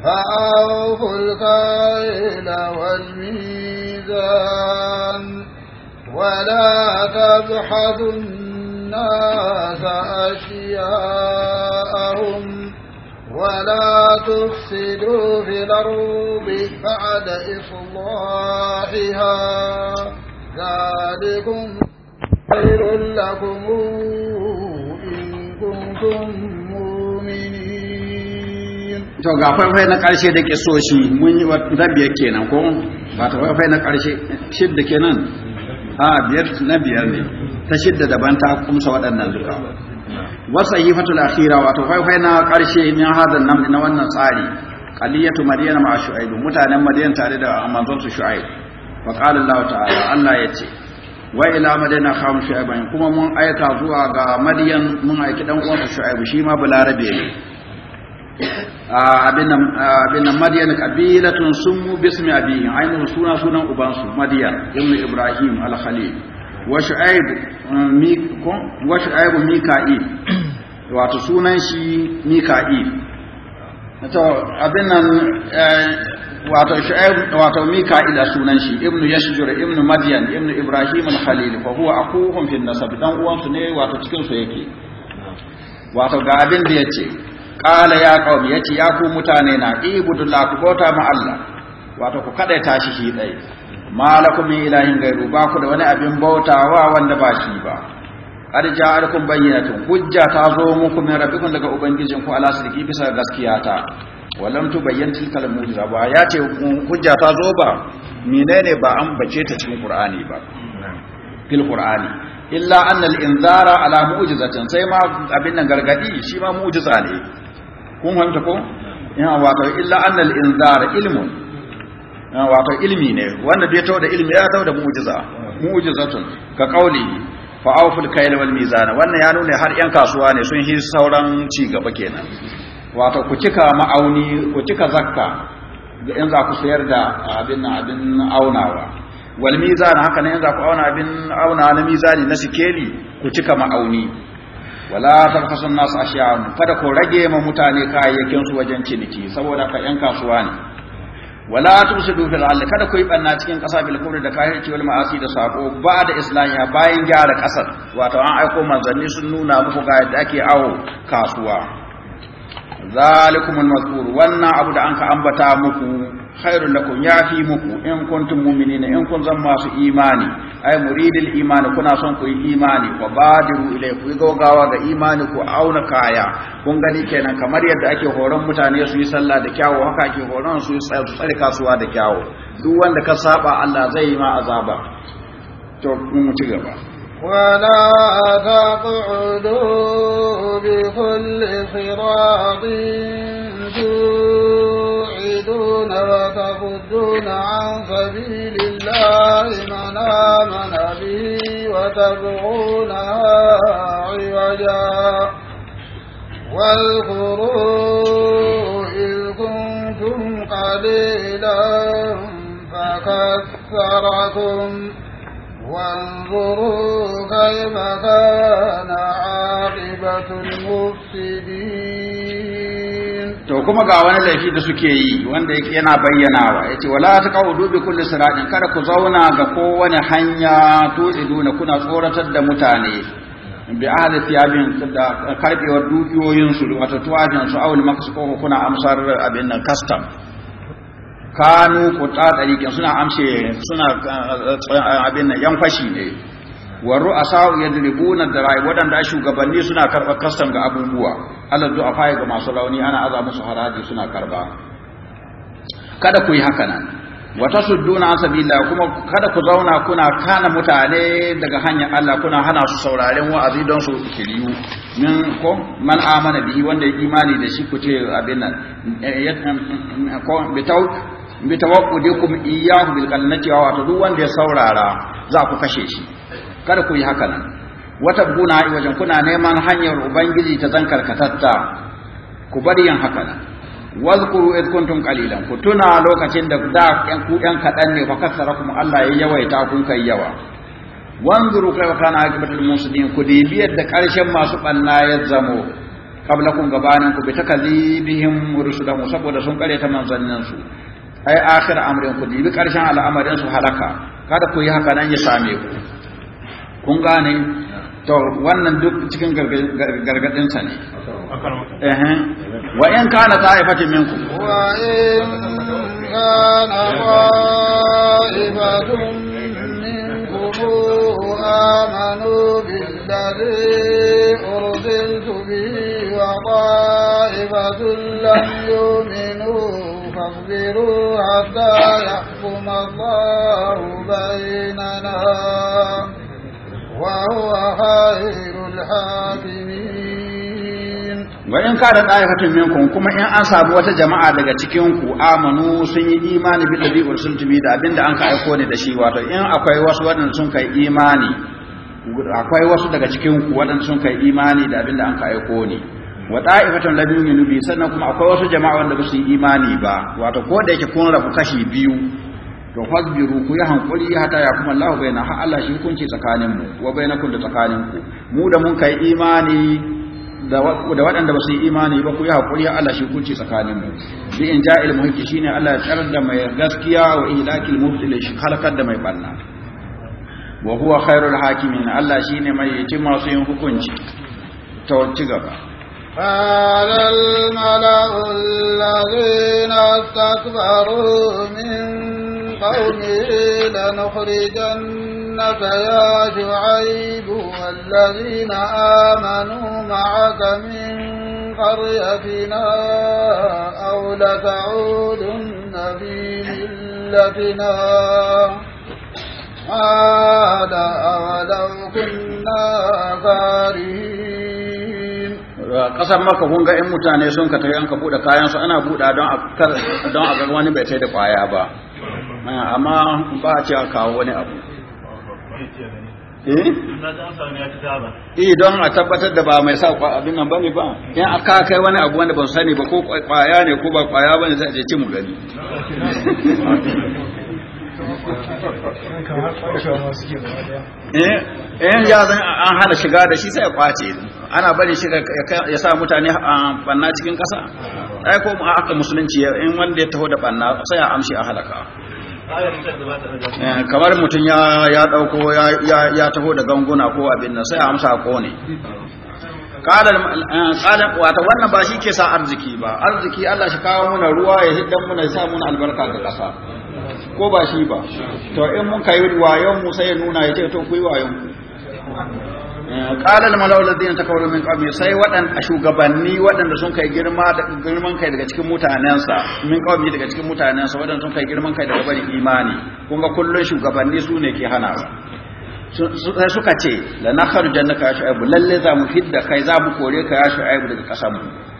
فأوفوا الخيل والميزان ولا تبحثوا الناس أشياءهم ولا تفسدوا في الأرض بعد إصلاحها ذلكم خير لكم إن كنتم to ga farfai na karshe da ke so shi mun yi wata biyar kenan ko ba ta farfai na karshe shidda kenan a biyar na biyar ne ta shidda daban ta kumsa waɗannan duka wasa yi fatul akhira wato farfai na karshe min hadan nan na wannan tsari qaliyatu madiyana ma shu'aib mutanen madiyan tare da amazon su shu'aib wa qala allah ta'ala allah yace wa ila madina kham shu'aib kuma mun aika zuwa ga madiyan mun aiki dan uwan shu'aib shi ma bularabe ne abin nan madiyan kabilatun summu bismi abiyin ainihin suna sunan ubansu madiyan ibn ibrahim al-khalil wa shu'aibu mika'il wato sunan shi mika'il abin nan wato shu'aibu wato mika'il sunan shi ibn yashjur ibn madiyan ibn ibrahim al-khalil fa huwa akuhum fi nasab dan uwansu ne wato cikin su yake wato ga abin da yace kala ya ya ce ya ku mutane na ibudullah ku bauta ma Allah wato ku kada tashi shi dai malakum mai ilahin gairu ba ku da wani abin bautawa wanda ba shi ba qad bayyana tun hujja ta zo muku min rabbikum daga ubangijin ku ala sirki bisa gaskiya ta walam tubayyan tilkal mu'jiza ba ya ce hujja ta zo ba menene ba an bace ta cikin qur'ani ba fil qur'ani illa annal inzara ala mu'jizatin sai ma abin nan gargadi shi ma mu'jiza ne kun fahimta ko ina wato illa annal inzar ilmun wato ilmi ne wanda bai tawo da ilmi ya tawo da mu'jiza mu'jizatun ka qauli fa awful kayl wal mizan wannan ya nuna har yan kasuwa ne sun hi sauran ci gaba kenan wato ku cika ma'auni ku cika zakka da 'yan za ku sayar da abin abin aunawa wal mizan haka ne 'yan za ku auna abin auna na mizani na sikeli ku cika ma'auni wala tarfasun nasu ashiya'un kada ko rage ma mutane kayayyakin su wajen ciniki saboda ka yan kasuwa ne wala tusidu fil ardi kada ko yi cikin kasa bil da kayan wal ma'asi da sako ba da islamiya bayan gyara ƙasar wato an aiko manzanni sun nuna muku ga yadda ake awo kasuwa al mazkur wannan abu da anka ambata muku khairun lakum yafi muku in kuntum mu'minina in kun zan masu imani ai muridil imani kuna son ku yi imani wa badiru ilai ku gaugawa ga imani ku auna kaya kun gani kenan kamar yadda ake horon mutane su yi sallah da kyawu haka ake horon su yi tsare kasuwa da kyawu duk wanda ka saba Allah zai yi ma azaba to mu ci gaba ولا تقعدوا بكل صراط توعدون وتصدون عن سبيل الله من آمن به وتبغونها عوجا واذكروا إذ كنتم قليلا فكثركم وانظروا كيف to kuma ga wani laifi da suke yi wanda yake yana bayyanawa yace wala taqawdu bi kulli siratin kada ku zauna ga kowane hanya tudiduna kuna tsoratar da mutane bi ahli thiyabin da karbewar dukiyoyin su wato tuwajin su awul maksu ko kuna amsar abin nan custom kanu kuta ɗariƙe suna amshe suna eh, abin nan yan fashi ne wa ru'asa yadribuna darai wadanda shugabanni suna karba kastan ga abubuwa Allah du'a fa'i ga masu rauni ana aza musu haraji suna karba kada ku yi haka nan wata sudduna an sabila kuma kada ku zauna kuna kana mutane daga hanyar Allah kuna hana su sauraren wa'azi don su kiriyu min ko man amana bihi wanda ya imani da shi ku ce abin nan eh, eh, ko bitau bi tawaqqudikum iyyahu bil qannati wa ta duk wanda ya saurara za ku kashe shi kada ku yi haka nan wata buna a wajen kuna neman hanyar ubangiji ta zan karkatatta ku bari yin haka nan wazkuru id kuntum qalilan ku tuna lokacin da da yan ku yan kadan ne fa kasarakum Allah ya yawaita kun kai yawa wanzuru kaifa kana akibatul muslimin ku biyar da karshen masu banna ya zamo qablakum gabanin ku bi takazibihim rusulahum saboda sun kare ta manzannin ai akhir amrin ku dibi karshen al'amarin su halaka kada ku yi haka nan ya same ku kun gane to wannan duk cikin gargadin sa ne eh wa in kana ta'ifatin minkum wa in kana ta'ifatun minkum amanu billadhi ursiltu bihi wa ta'ifatun lam فاصبروا حتى يحكم الله بيننا وهو خير الحاكمين وإن كانت آية منكم كما إن أصاب وتجمع لك تكيونكو آمنوا سن إيمان بالذي أرسلت به دا بند أنك أكون دا شيء واتو إن أكوي وسوى سنك إيماني akwai wasu daga cikin ku waɗanda sun kai imani da abin da an ka aiko ne wa da'ifatan lam yu'minu bi sannan kuma akwai wasu jama'a wanda ba su yi imani ba wato ko da yake kun rabu kashi biyu to fasbiru ku yi hankuri hata ya kuma Allah baina ha Allah shi hukunci tsakanin mu wa kun da tsakanin ku mu da mun kai imani da waɗanda ba su yi imani ba ku yi haƙuri Allah shi hukunci tsakanin mu bi in ja'il muhiki shine Allah ya tsara da mai gaskiya wa ilakil mubtil shi halakar da mai banna wa huwa khairul hakimin Allah shine mai yace masu yin hukunci ta ci gaba قال الملأ الذين استكبروا من قومه لنخرجنك يا شعيب والذين آمنوا معك من قريتنا أو لتعودن في ملتنا قال أولو كنا كارهين kasar maka kun ga in mutane sun ka tafi an ka kayan kayansu ana buɗa don a ga wani bai sai da kwaya ba amma ba a ce a kawo wani abu eh? eh don a tabbatar da ba mai sa abin nan bane ba in aka kai wani abu wanda ban sani ba ko kwaya ne ko ba kwaya bane ne a je cin mu gani in eh, eh, ya zan an hana shiga da shi sai ya kwace ana bari shiga ya sa mutane banna cikin ƙasa ai ko mu aka musulunci in wanda ya taho da banna sai ya amshi a halaka eh, kamar mutum ya dauko ya taho da ganguna ko abin nan sai ya amsa ne kone kalan wato wannan ba shi ke sa arziki ba arziki Allah shi kawo mana ruwa ya hiddan mana ya sa mana albarka da ƙasa ko ba shi ba to in mun kai wayon mu sai ya nuna ya ce to ku yi wayon ku eh, qala al mala'u alladhina takawwalu min qawmi sai wadan shugabanni wadanda sun kai girma da girman kai daga cikin mutanensa min qawmi daga cikin mutanensa wadan sun kai girman kai daga bari imani kun ga kullun shugabanni su ne ke hana sai suka ce la nakhrujanna ka ya shu'aib lalle za mu fidda kai za mu kore ka ya shu'aib daga kasan mu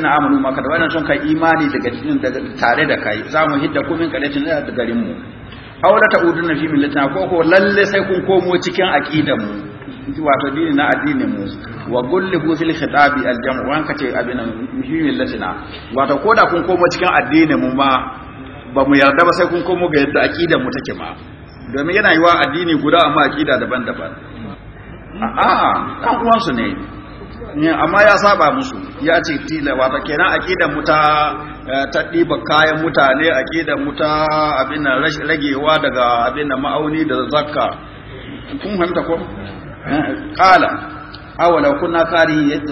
na amanu maka da wannan sun kai imani daga cikin tare da kai za mu hidda ku min cikin da garin mu ta la na fi millatina ko ko lalle sai kun komo cikin aqidan mu wato dini na addinin mu wa hu fil khitabi al jam'u an kace abin fi millatina wato ko da kun komo cikin addinin mu ma ba mu yarda ba sai kun komo ga yadda aqidan mu take ma domin yana yiwa addini guda amma aqida daban-daban a'a dan uwansu ne amma ya saba musu ya ce tila wata kenan aqidan mu ta eh, ta kayan mutane aqidan mu ta abin da ragewa daga abin da ma'auni da zakka kun hanta ko kala eh, awala kunna kari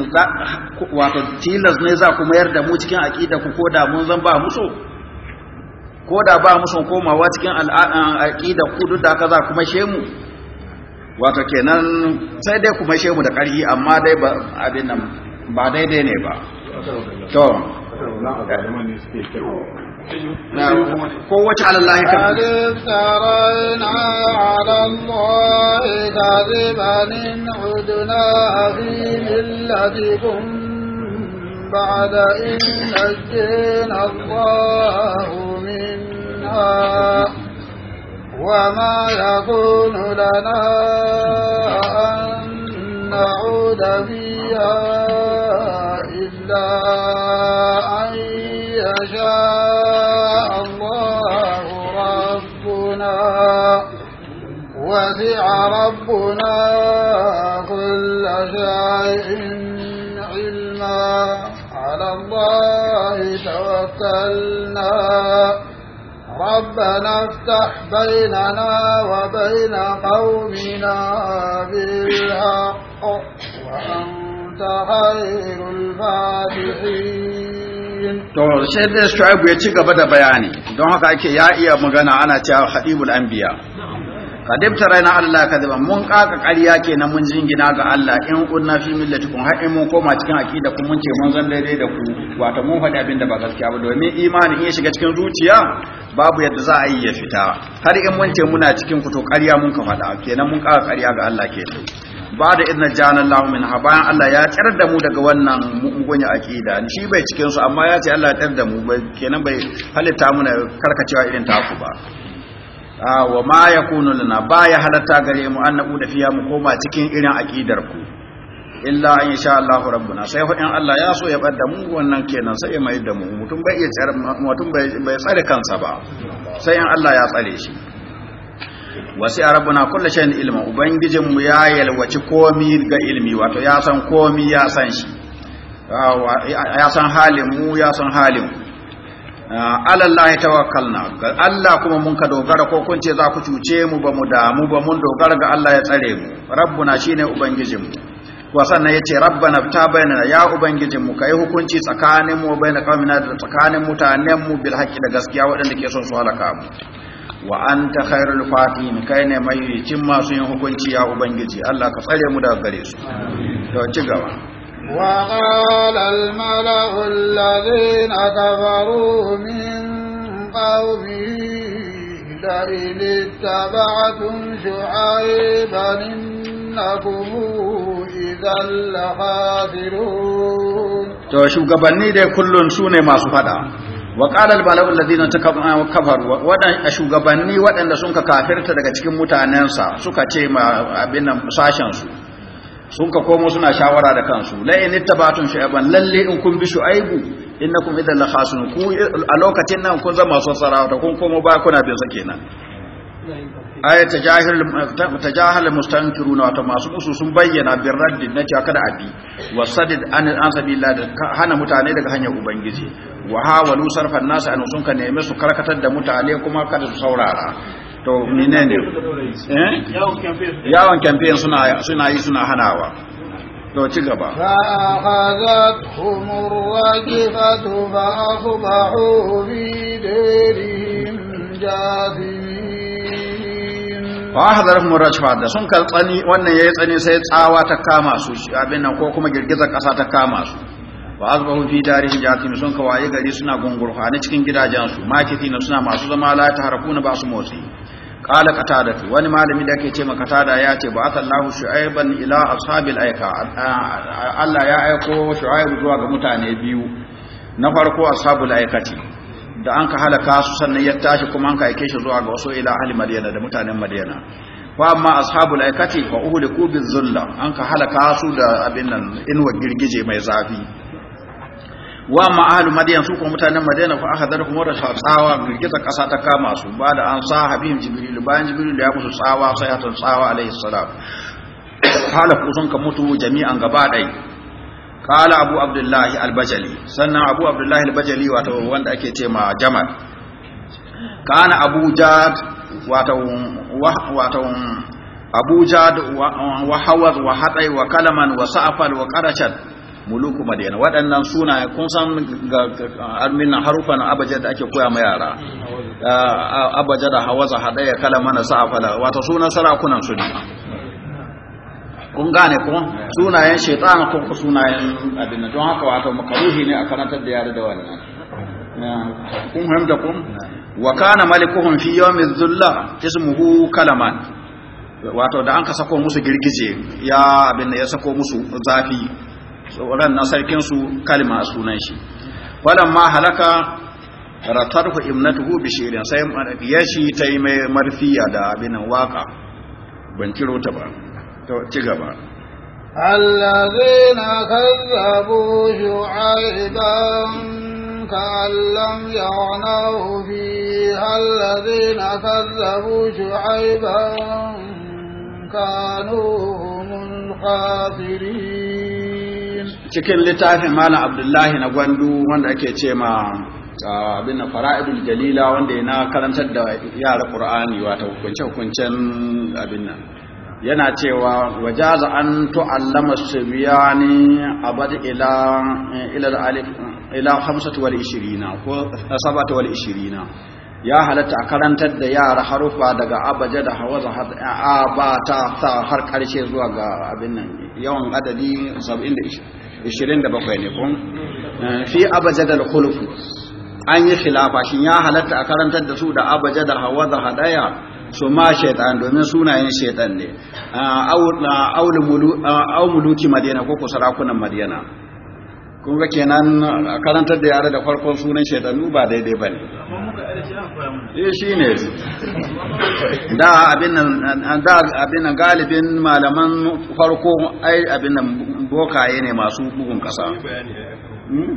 wato tilas ne za ku mayar da mu cikin aƙida ku ko da mun zan ba musu ko da ba musu komawa cikin al'ada aqida ku duk da za kuma shemu wato kenan sai dai kuma shemu da ƙarfi amma dai ba abin nan ba daidai ne ba to kowace alallahi kan tsarin alallahi ta zibanin huduna a filatikun بعد إن نجينا الله منها وما يكون لنا أن نعود فيها إلا أن يشاء الله ربنا وسع ربنا كل شيء علما على الله توكلنا ربنا افتح بيننا وبين قومنا بالحق وأنت خير الفاتحين to sai dai shu'aibu ya ci gaba da bayani don haka ake ya iya magana ana cewa khadimul anbiya kadib na Allah kadiba mun kaka ƙarya kenan mun jingina ga Allah in kunna fi millatikum har in mun koma cikin akida kun mun ce mun zan daidai da ku wato mun faɗi abinda ba gaskiya ba domin imani in ya shiga cikin zuciya babu yadda za a yi ya fita har in mun ce muna cikin ku to ƙarya mun ka faɗa kenan mun kaka ƙarya ga Allah kenan ba da idna jana Allah min ha bayan Allah ya tsar da mu daga wannan mugunya akida shi bai cikin su amma ya ce Allah ya tsar da mu kenan bai halitta muna karkacewa irin taku ba Ah, wa ma yakunu lana baya halatta gare mu an naɓu da fiya mu koma cikin irin aƙidar ku illa an yasha Allah rabbuna sai fa in Allah ya so ya ɓadda mu wannan kenan sai ya mai da mu mutum bai iya tsare kansa ba sai in Allah ya tsare shi wasi rabbuna kullu shay'in ilma ubangijin mu ya yalwaci komi ga ilmi wato ya san komi ya san shi ah, ya san halin mu ya san halin mu. Ah, alallahi tawakkalna Allah kuma mun ka dogara ko kun ce za ku cuce mu ba mu damu ba mun dogara ga Allah ya tsare mu rabbuna shine ubangijin mu wa sannan yace rabbana ta bainana ya ubangijin mu kai hukunci tsakanin mu bainal qawmina da tsakanin mutanen mu bil haqqi da gaskiya waɗanda ke son su halaka mu wa anta khairul fatin kai ne mai cin masu yin hukunci ya ubangiji Allah ka tsare mu daga gare su to ci gaba وقال الملأ الذين كفروا من قومه لئن اتبعتم شعيبا إنكم إذا لخاسرون to shugabanni dai kullun su ne masu fada wa qala al bala'u alladhina kafaru wadan shugabanni wadanda sun kafirta daga cikin mutanensa suka ce ma abin sashensu. sun ka komo suna shawara da kansu la in ittabatun sha'iban lalle in kun bi shu'aibu innakum idan la khasun ku a lokacin nan kun zama so sarauta kun komo ba kuna bin sa kenan aya tajahil tajahil mustankiruna wato masu musu sun bayyana bin raddi na cewa kada abi wasadid an an sabilla da hana mutane daga hanyar ubangiji wa hawalu sarfan nasu an sun ka neme su karkatar da mutane kuma kada su saurara to menene eh? yawon campaign suna suna yi suna hanawa to ci gaba fa'akhadathum ar-rajfatu fa'akhbahu rajfa da sun kaltsani wannan yayi tsani sai tsawa ta kama su abin nan ko kuma girgizar kasa ta kama su wa azbahu fi darihim jathim sun kawaye gari suna gungurfa ne cikin gidajensu na suna masu zama la ta harakuna ba su motsi qala qatadatu wani malami da yake ce ma qatada ya ce ba atallahu shu'aiban ila ashabil aika Allah ya aiko shu'aib zuwa ga mutane biyu na farko ashabul aikati da an ka halaka su sannan ya tashi kuma an ka aike shi zuwa ga wasu ila ahli madina da mutanen madina fa amma ashabul aikati fa uhliku bizulla an ka halaka su da abin nan inwa girgije mai zafi wa ma'alu madina su ko mutanen madina fa aka zara kuma da tsawa girgiza kasa ta kama su ba da an sa habib jibril bayan jibril ya musu tsawa sai ta tsawa alaihi salam kala ku sun ka mutu jami'an gaba dai kala abu abdullahi albajali sannan abu abdullahi albajali wato wanda ake ce ma jamal kana abu jad wato wato abu jad wa hawaz wa hadai wa kalaman wa sa'fal wa qarachat muluku madina waɗannan suna kun san ga armin harufan abaja da ake koya ma yara abaja da hawaza haɗaya kala mana sa'afala wato sunan sarakunan su ne kun gane ko sunayen shaitan ko sunayen abin don haka wato makaruhi ne a karantar da yara da wannan kun hamda kun wa kana malikuhum fi yawmin dhulla ismuhu kalaman wato da an ka sako musu girgije ya abin ya sako musu zafi waɗannan su kalima a sunan shi Wadannan ma halaka ratar ku imnatu hu bishirin sai ya shi ta yi mai marfiya da abinan waka ban kiro ta ba ta ci gaba allazina kazzabu shu'aiban kan lam yawnahu fi allazina kazzabu shu'aiban kanu mun cikin littafin malam abdullahi na gwandu wanda ake ce ma abin na fara'idul jalila wanda ya na karantar da yara ƙur'ani wata hukunce-hukuncen abin nan yana cewa za an tu'allama subiyani abad ila ila alif ila ishirina ko ishirina, ya halatta a karantar da yara harufa daga abaje da hawa za a ba ta sa har karshe zuwa ga abin nan yawan adadi 70 27 ne kun eh, fi abajadal khulufu an yi khilafa shin ya halatta a karantar da su da abajadal hawa da hadaya su ma shaitan domin sunayen shaitan ne eh, aul eh, muluki madina ko sarakunan madina kun ga kenan karantar da yare da farkon sunan shaidannu ba daidai ba ne eh shi ne da abin nan galibin malaman farko ai abin nan bokaye ne masu bugun kasa hmm? eh?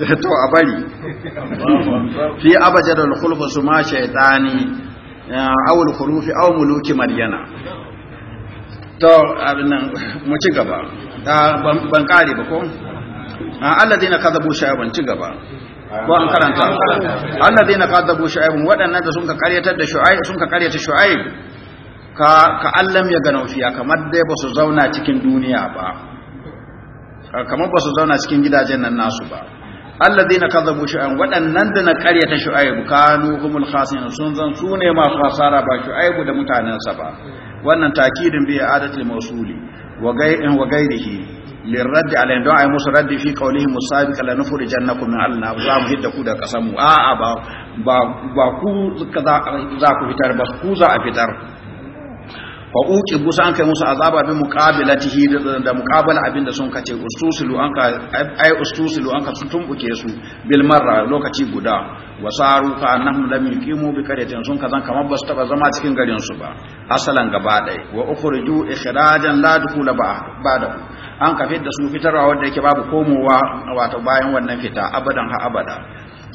eh? to a bari fi abajadar kulfu su ma shaidani eh, awul kurufi awul muluki maryana to abin nan mu ci gaba ban kare ba ko ah, alladheena kadhabu shayban ci gaba ko an karanta alladheena kadhabu shayban waɗannan da sun ka karyatar da shu'aib sun ka karyata shu'aib ka ka allam ya gano fiya kamar dai ba su zauna cikin duniya ba ah, kamar ba su zauna cikin gidajen nan nasu ba alladheena kadhabu shayban waɗannan da na karyata shu'aib kanu humul khasirin sun zan sune masu hasara ba shu'aib da mutanansa ba wannan takidin bi i'adatil mawsuli wa gai'in wa gairihi lirradd alayhi du'a musu raddi fi qawlihi musabiq la nufuri jannakum min alna za mu hidda ku da kasamu a a ba ba ku za ku fitar ba ku za a fitar fa uki busa an kai musu azaba bi muqabilatihi da muqabala abinda sun kace ustusulu an ka ai ustusulu an ka sun tumbuke su bil marra lokaci guda wasaru ka annahum lam yuqimu bi qaryatin sun kazan kamar basu taba zama cikin garin su ba asalan gaba dai wa ukhriju ikhrajan la dukula ba'da an ka fitar da su fitarwa wanda yake babu komowa wato bayan wannan fita abadan ha abada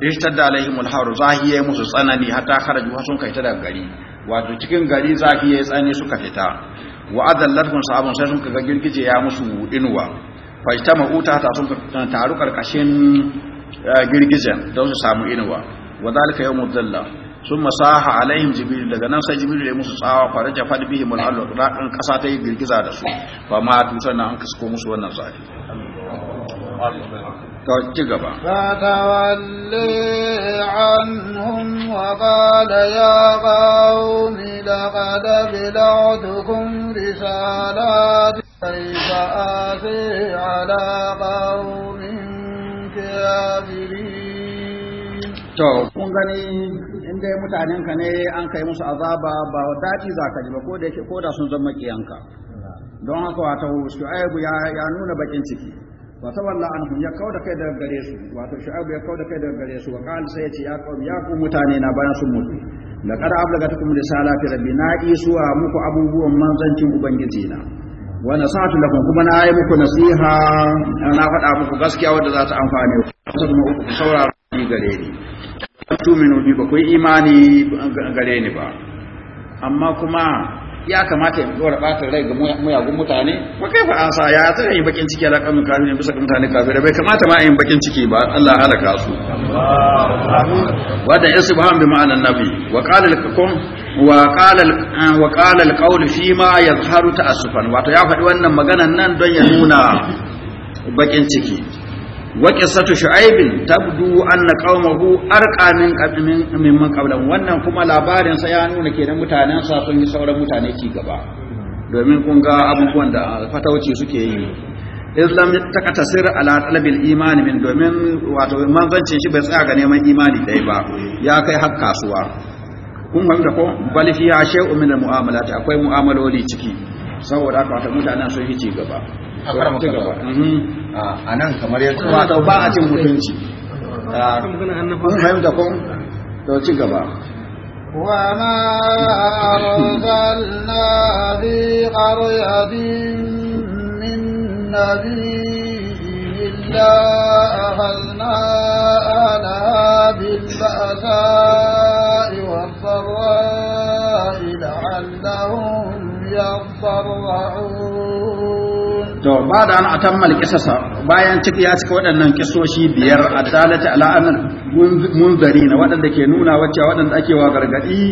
ishtadda alaihimul haru zahiye musu tsanani hatta kharaju sun kai ta daga gari wato cikin gari zafi ya tsani suka fita wa adallatun sabon sai sun kaga girgije ya musu inuwa fajtama uta ta sun taru karkashin eh, girgijen don su samu inuwa wa zalika yawmu dhalla sun masaha alaihim jibril daga nan sai jibril ya musu tsawa fara jafa bihi bihim al da an kasa ta yi girgiza da su fa ma tusan an kasko musu wannan zafi ci gaba fatawalli anhum wa qala ya qaumi laqad bilagtukum risalati kayfa asi ala qaumin kafirin to kun gani inda mutanen ka ne an kai musu azaba ba daɗi za ka ji ba ko da ko da sun zama kiyanka don haka wata shu'aibu ya nuna bakin ciki wa tawalla anhum ya kauda kai daga gare su wato shu'aib ya kauda kai daga gare su wa qala sai ya ce ya qaum ya ku mutane na bayan sun mutu laqad ablagatukum risalati rabbina isuwa muku abubuwan manzancin ubangiji na wa nasatu lakum kuma na yi muku nasiha na faɗa muku gaskiya wadda za ta amfane ku kuma ku saurara ni gare ni tuminu bi ba ku imani gare ni ba amma kuma ya kamata in dora ɓata rai ga muyagun mutane wa an sa ya ta yin bakin ciki ala kanun ne bisa ga mutane kafirai bai kamata ma yin bakin ciki ba Allah halaka su wadan isbaham bi ma'ana nabi wa qala lakum wa qala wa qala alqawl fi ma yadhharu ta'assufan wato ya faɗi wannan maganan nan don ya nuna bakin ciki wa qissatu shu'aib tabdu anna qaumahu arqa min qadmin mimman qablan wannan kuma labarin sa ya nuna kenan mutanen sa sun yi sauran mutane ci gaba domin kun ga abubuwan da fatauci suke yi islam ta katasir ala talabil imani min domin wato manzancin shi bai tsaya ga neman imani dai ba ya kai har kasuwa kun fahimta ko bal fiha shay'un min al mu'amalat akwai mu'amaloli ciki saboda haka mutanen sun yi ci gaba a kara maka gaba mm-hmm. a nan kamar ya tsawa ta ba a cin mutunci a kuma yin da kun to ba da an atammal kisasa bayan ciki ya cika waɗannan kisoshi biyar addalata ala munzari na waɗanda ke nuna wacce waɗanda ake wa gargadi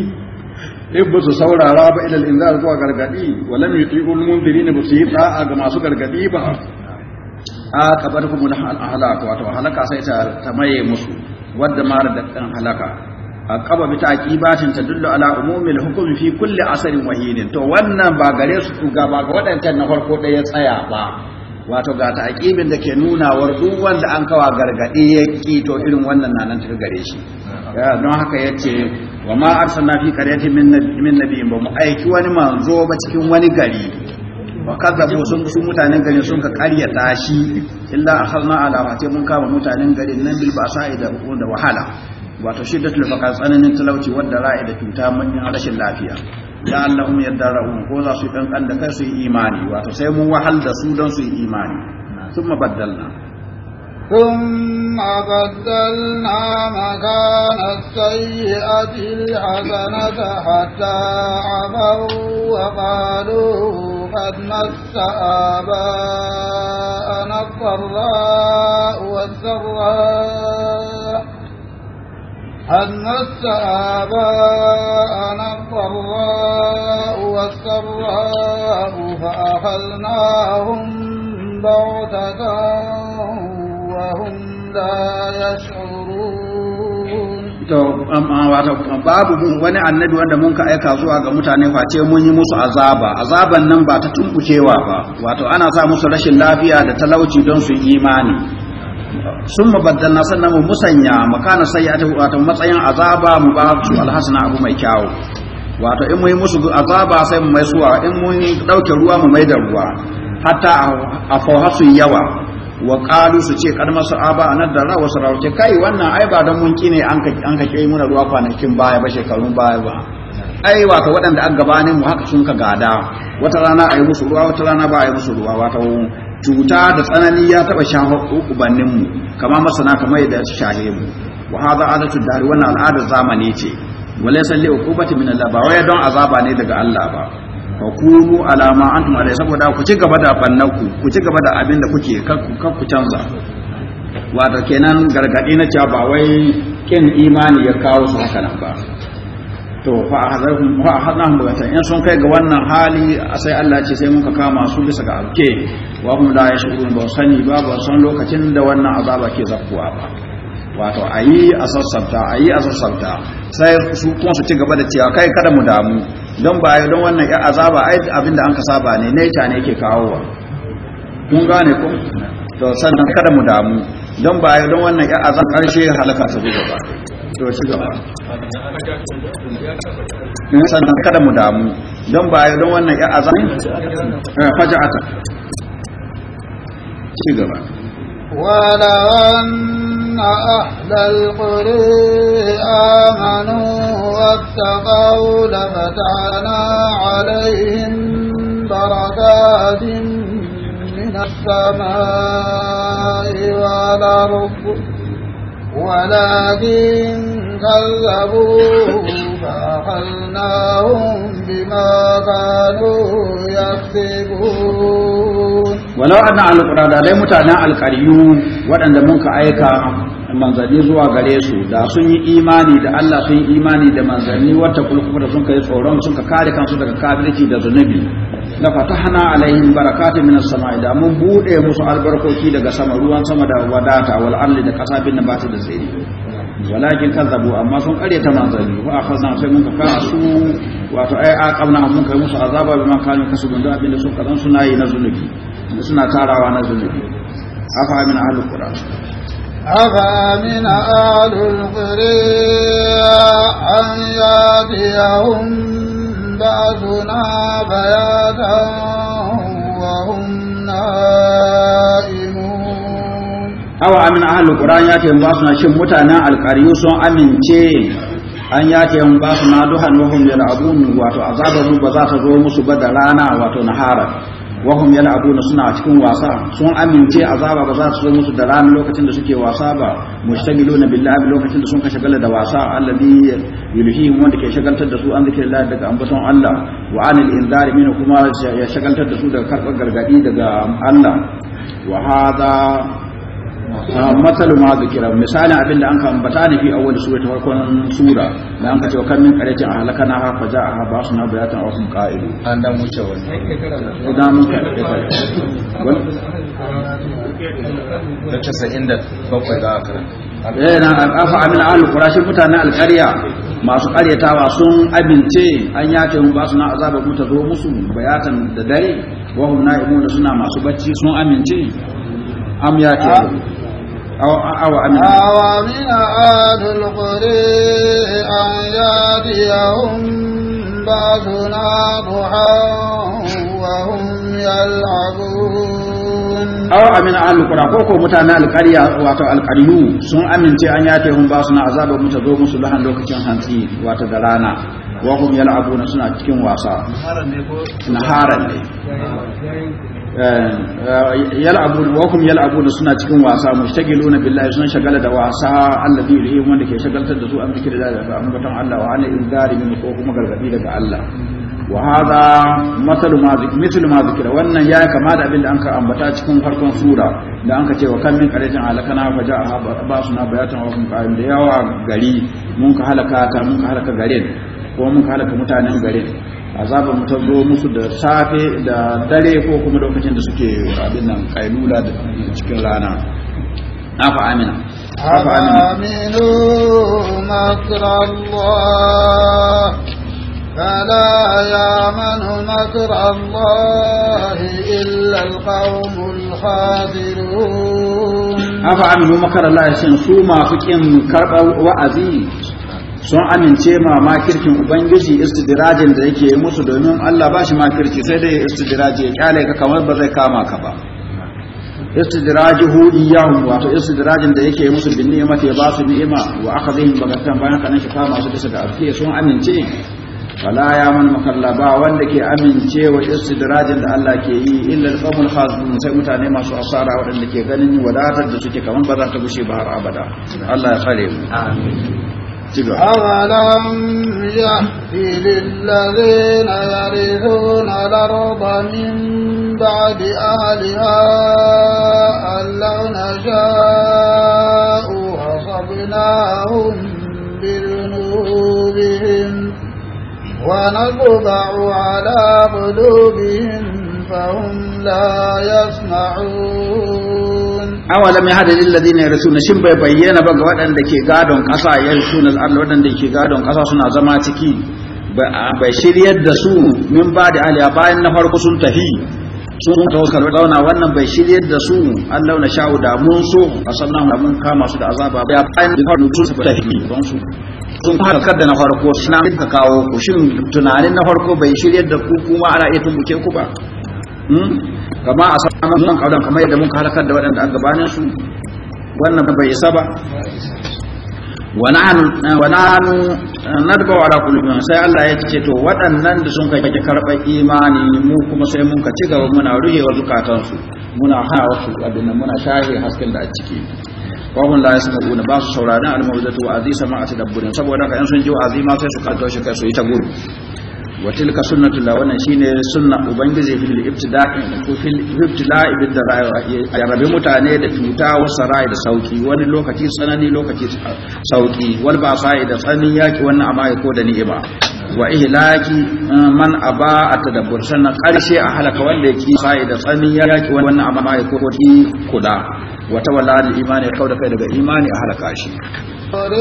ibbu su saurara ba ilal inzar zuwa gargadi walam munzari na ba su yi ga masu gargadi ba a kabarhumul ahlak wato halaka sai ta maye musu wadda mara da halaka aqaba bi ta'qibatin tadullu ala umumi al-hukm fi kulli asrin wahinin to wannan ba gare su ga ba ga wadancan na farko da ya tsaya ba wato ga ta'qibin da ke nuna war duk wanda an kawa gargadi yake to irin wannan na nan gare shi don haka yace wa ma arsalna fi qaryatin min min nabiy ba mu aiki wani manzo ba cikin wani gari wa kazzabu sun su mutanen garin sun ka ta shi illa akhadna ala ce mun kama mutanen garin nan bil basa'i da wahala wato shiddatul faqa tsananin talauci wadda ra'ayi da cuta manyan rashin lafiya da Allah mu yadda ra'un ko za su kankan da kai su yi imani wato sai mun wahal da su don su yi imani thumma baddalna thumma baddalna makana sayyi'ati hasanata, hatta amaru wa qalu qad massa aba'ana dharra wa dharra أن مس آباءنا الضراء والسراء فأخذناهم بغتة وهم لا يشعرون babu wani annabi wanda mun ka aika zuwa ga mutane face mun yi musu azaba azaban nan ba ta tumbucewa ba wato ana sa musu rashin lafiya da talauci don su imani sun mabaddana sannan mu musanya makana sayyi'atu wato matsayin azaba mu ba su alhasana abu mai kyawu wato in yi musu azaba sai mu mai suwa in mun dauke ruwa mu mai da ruwa hatta a fawhasu yawa wa qalu su ce kad masu aba anan da rawa sarauce kai wannan ai ba dan mun kine an ka an ka kai muna ruwa kwanakin baya ba shekarun baya ba ai wato waɗanda an gabanin mu haka sun ka gada wata rana ayi musu ruwa wata rana ba ayi musu ruwa wato cuta da tsanani ya taba shafar ubanninmu kama masana kamar yadda shahe mu wa haza adatu dari wannan al'adar zamani ce wala salli uqubati min Allah ba wai don azaba ne daga Allah ba fa kunu ala ma antum alai saboda ku ci gaba da bannaku ku ci gaba da abin da kuke kan ku canza wato kenan gargadi na cewa ba wai kin imani ya kawo su haka nan ba to fa hadnahum ta in sun kai ga wannan hali sai Allah ce sai muka kama su bisa ga alke wa hum la yashurun ba sani ba ba san lokacin da wannan azaba ke zakkuwa ba wato ayi a ayi a sai su kuma su ci gaba da cewa kai kada mu damu don ba don wannan ya azaba ai abinda an ka saba ne ne ta ne yake wa kun gane ko to sannan kada mu damu don ba don wannan ya azaba karshe halaka ta zuwa ba to ci gaba in sannan kada mu damu don ba don wannan ya azan eh, faja'ata ci gaba ولو أن أهل القرى آمنوا واتقوا لفتحنا عليهم بركات من السماء والأرض ولكن كذبوا فأخذناهم بما كانوا يكسبون ولو أن على القرآن عليه متعنى القريون وأن منك أيكا manzanni zuwa gare su da sun yi imani da Allah sun yi imani da manzanni wata kulkuma da sun kai tsoron sun ka kare kansu daga kafirci da zunubi la fatahna alaihim barakatun minas sama'i da mun bude musu albarkoki daga sama ruwan sama da wadata wal ardi da kasa bin nabati da zai walakin kazzabu amma sun kare ta manzanni wa akhazna sai mun ka su wato ai aqabna mun kai musu azaba man kanu kasubun da abin da sun kazan suna yi na zunubi suna tarawa na zunubi afa min ahlul qur'an أفأمن أهل القرية أن يأتيهم بأسنا بياتا وهم نائمون أو أمن أهل القرآن يأتيهم بأسنا شم متنا القرية سن أمن an ya ce yan ba su na duhan wahum yal'abun wato azabar ba za ta zo musu ba da rana wato na harar wahum yal'abuna suna cikin wasa sun amince azaba ba za su zo musu da rana lokacin da suke wasa ba mushtagiluna billahi lokacin da sun ka shagala da wasa alladhi yulhihim wanda ke shagaltar da su an zikrillah daga ambaton Allah wa anil inzari min kuma ya shagaltar da su daga karbar gargadi daga Allah wa hadha Ah, matsal ma ga kira misalin abinda an ka ambata ne fi awwal sura ta farkon sura da an ka ce kan min qarati a halakana ha fa za a ba bayata bayatan wa hum qa'ilu an dan wuce wannan idan mun ka da ta sa'in da bakwai za a karanta eh na afa min al qurashi mutanen qarya masu karyatawa sun abince an yace mun ba na azaba ku ta zo musu bayatan da dare wa hum na'imuna suna masu bacci sun amince am ya ce Awa amin a ala kura koko mutane alƙariya wato alƙariyu sun amince an yafe hun ba na azaba mutu zo musu lahan lokacin hantsi wata da rana wa kuma yana abu suna cikin wasa. na ne Eh, yal'abun wa kum yal'abuna suna cikin wasa mushtagiluna billahi sun shagala da wasa allazi yulhihim wanda ke shagaltar da su an zikri da Allah an ambaton Allah wa ana ingari min ko kuma gargadi daga Allah wa hadha matalu ma zikr mithlu ma zikra wannan ya kama da abin da an ka ambata cikin farkon sura da an ka ce wa kan min qaratin alakana fa ja'a suna bayatan wa kum qaim da yawa gari mun ka halaka ta mun ka halaka garin ko mun ka halaka mutanen garin azabar mu ta zo musu da safe da dare ko kuma lokacin da suke abin nan kailula da cikin rana afa amina afa aminu makrallah فلا ya manu الله إلا القوم الخاسرون afa aminu makar Allah ya san su masu kin karɓar wa'azi sun amince ma makirkin ubangiji istidirajin da yake yi musu domin Allah ba shi makirki sai dai istidiraji ya kyale ka kamar ba zai kama ka ba istidirajihu iyyahum wato istidirajin da yake yi musu bin ni'ima ke ba su ni'ima wa aka akhadhihim bagatan bayan kanin shi kama su bisa ga afiya sun amince fala ya man makalla ba wanda ke amincewa istidirajin da Allah ke yi illa al-qawmul sai mutane masu asara waɗanda ke ganin wadatar da suke kamar ba za ta gushe ba har abada Allah ya kare mu أولم يهدي للذين يرثون الأرض من بعد أهلها أن لو نشاء أصبناهم بذنوبهم ونطبع على قلوبهم فهم لا يسمعون lam ya lil ladina yarsuna shin bai bayyana ba ga waɗanda ke gadon ƙasa yarsuna Allah waɗanda ke gadon ƙasa suna zama ciki bai shiryar da su min ba da aliya bayan na farko sun tafi sun tawakkal zauna wannan bai shiryar da su Allah na sha'u da mun so a sannan da mun kama su da azaba bai bayan da farko sun tafi don su sun fara kadda na farko suna ka kawo ku shin tunanin na farko bai shiryar da ku kuma ana iya tumbuke ku ba hmm? kama a sanar mun kauran kamar yadda mun halakar da waɗanda a gabanin su wannan bai isa ba wa na nadba wa ala kulli sai Allah ya ce to waɗannan da sun kai karɓar imani mu kuma sai mun ka ci gaba muna ruhewa zukatansu muna hawa su abin muna shahe hasken da a ciki wahun la yasma'una ba su sauraron almarzatu mawdatu wa azisa ma atadabburin saboda haka in sun ji wa ma sai su shi kai su yi ta guru wa tilka sunnatu la wannan shine sunna ubangiji fil ibtida'i ko fil ibtila'i bid dara'i ya mutane da cuta wa sarai sauki wani lokaci tsanani lokaci sauki wal ba sai da yaki wannan amma ya ko da ni'ima wa ihlaki eh, man aba a tadabbur sannan karshe a halaka wanda yake sai da tsanin yaki wannan amma ya ko kula wa tawalla al imani kauda kai daga imani a halaka shi قل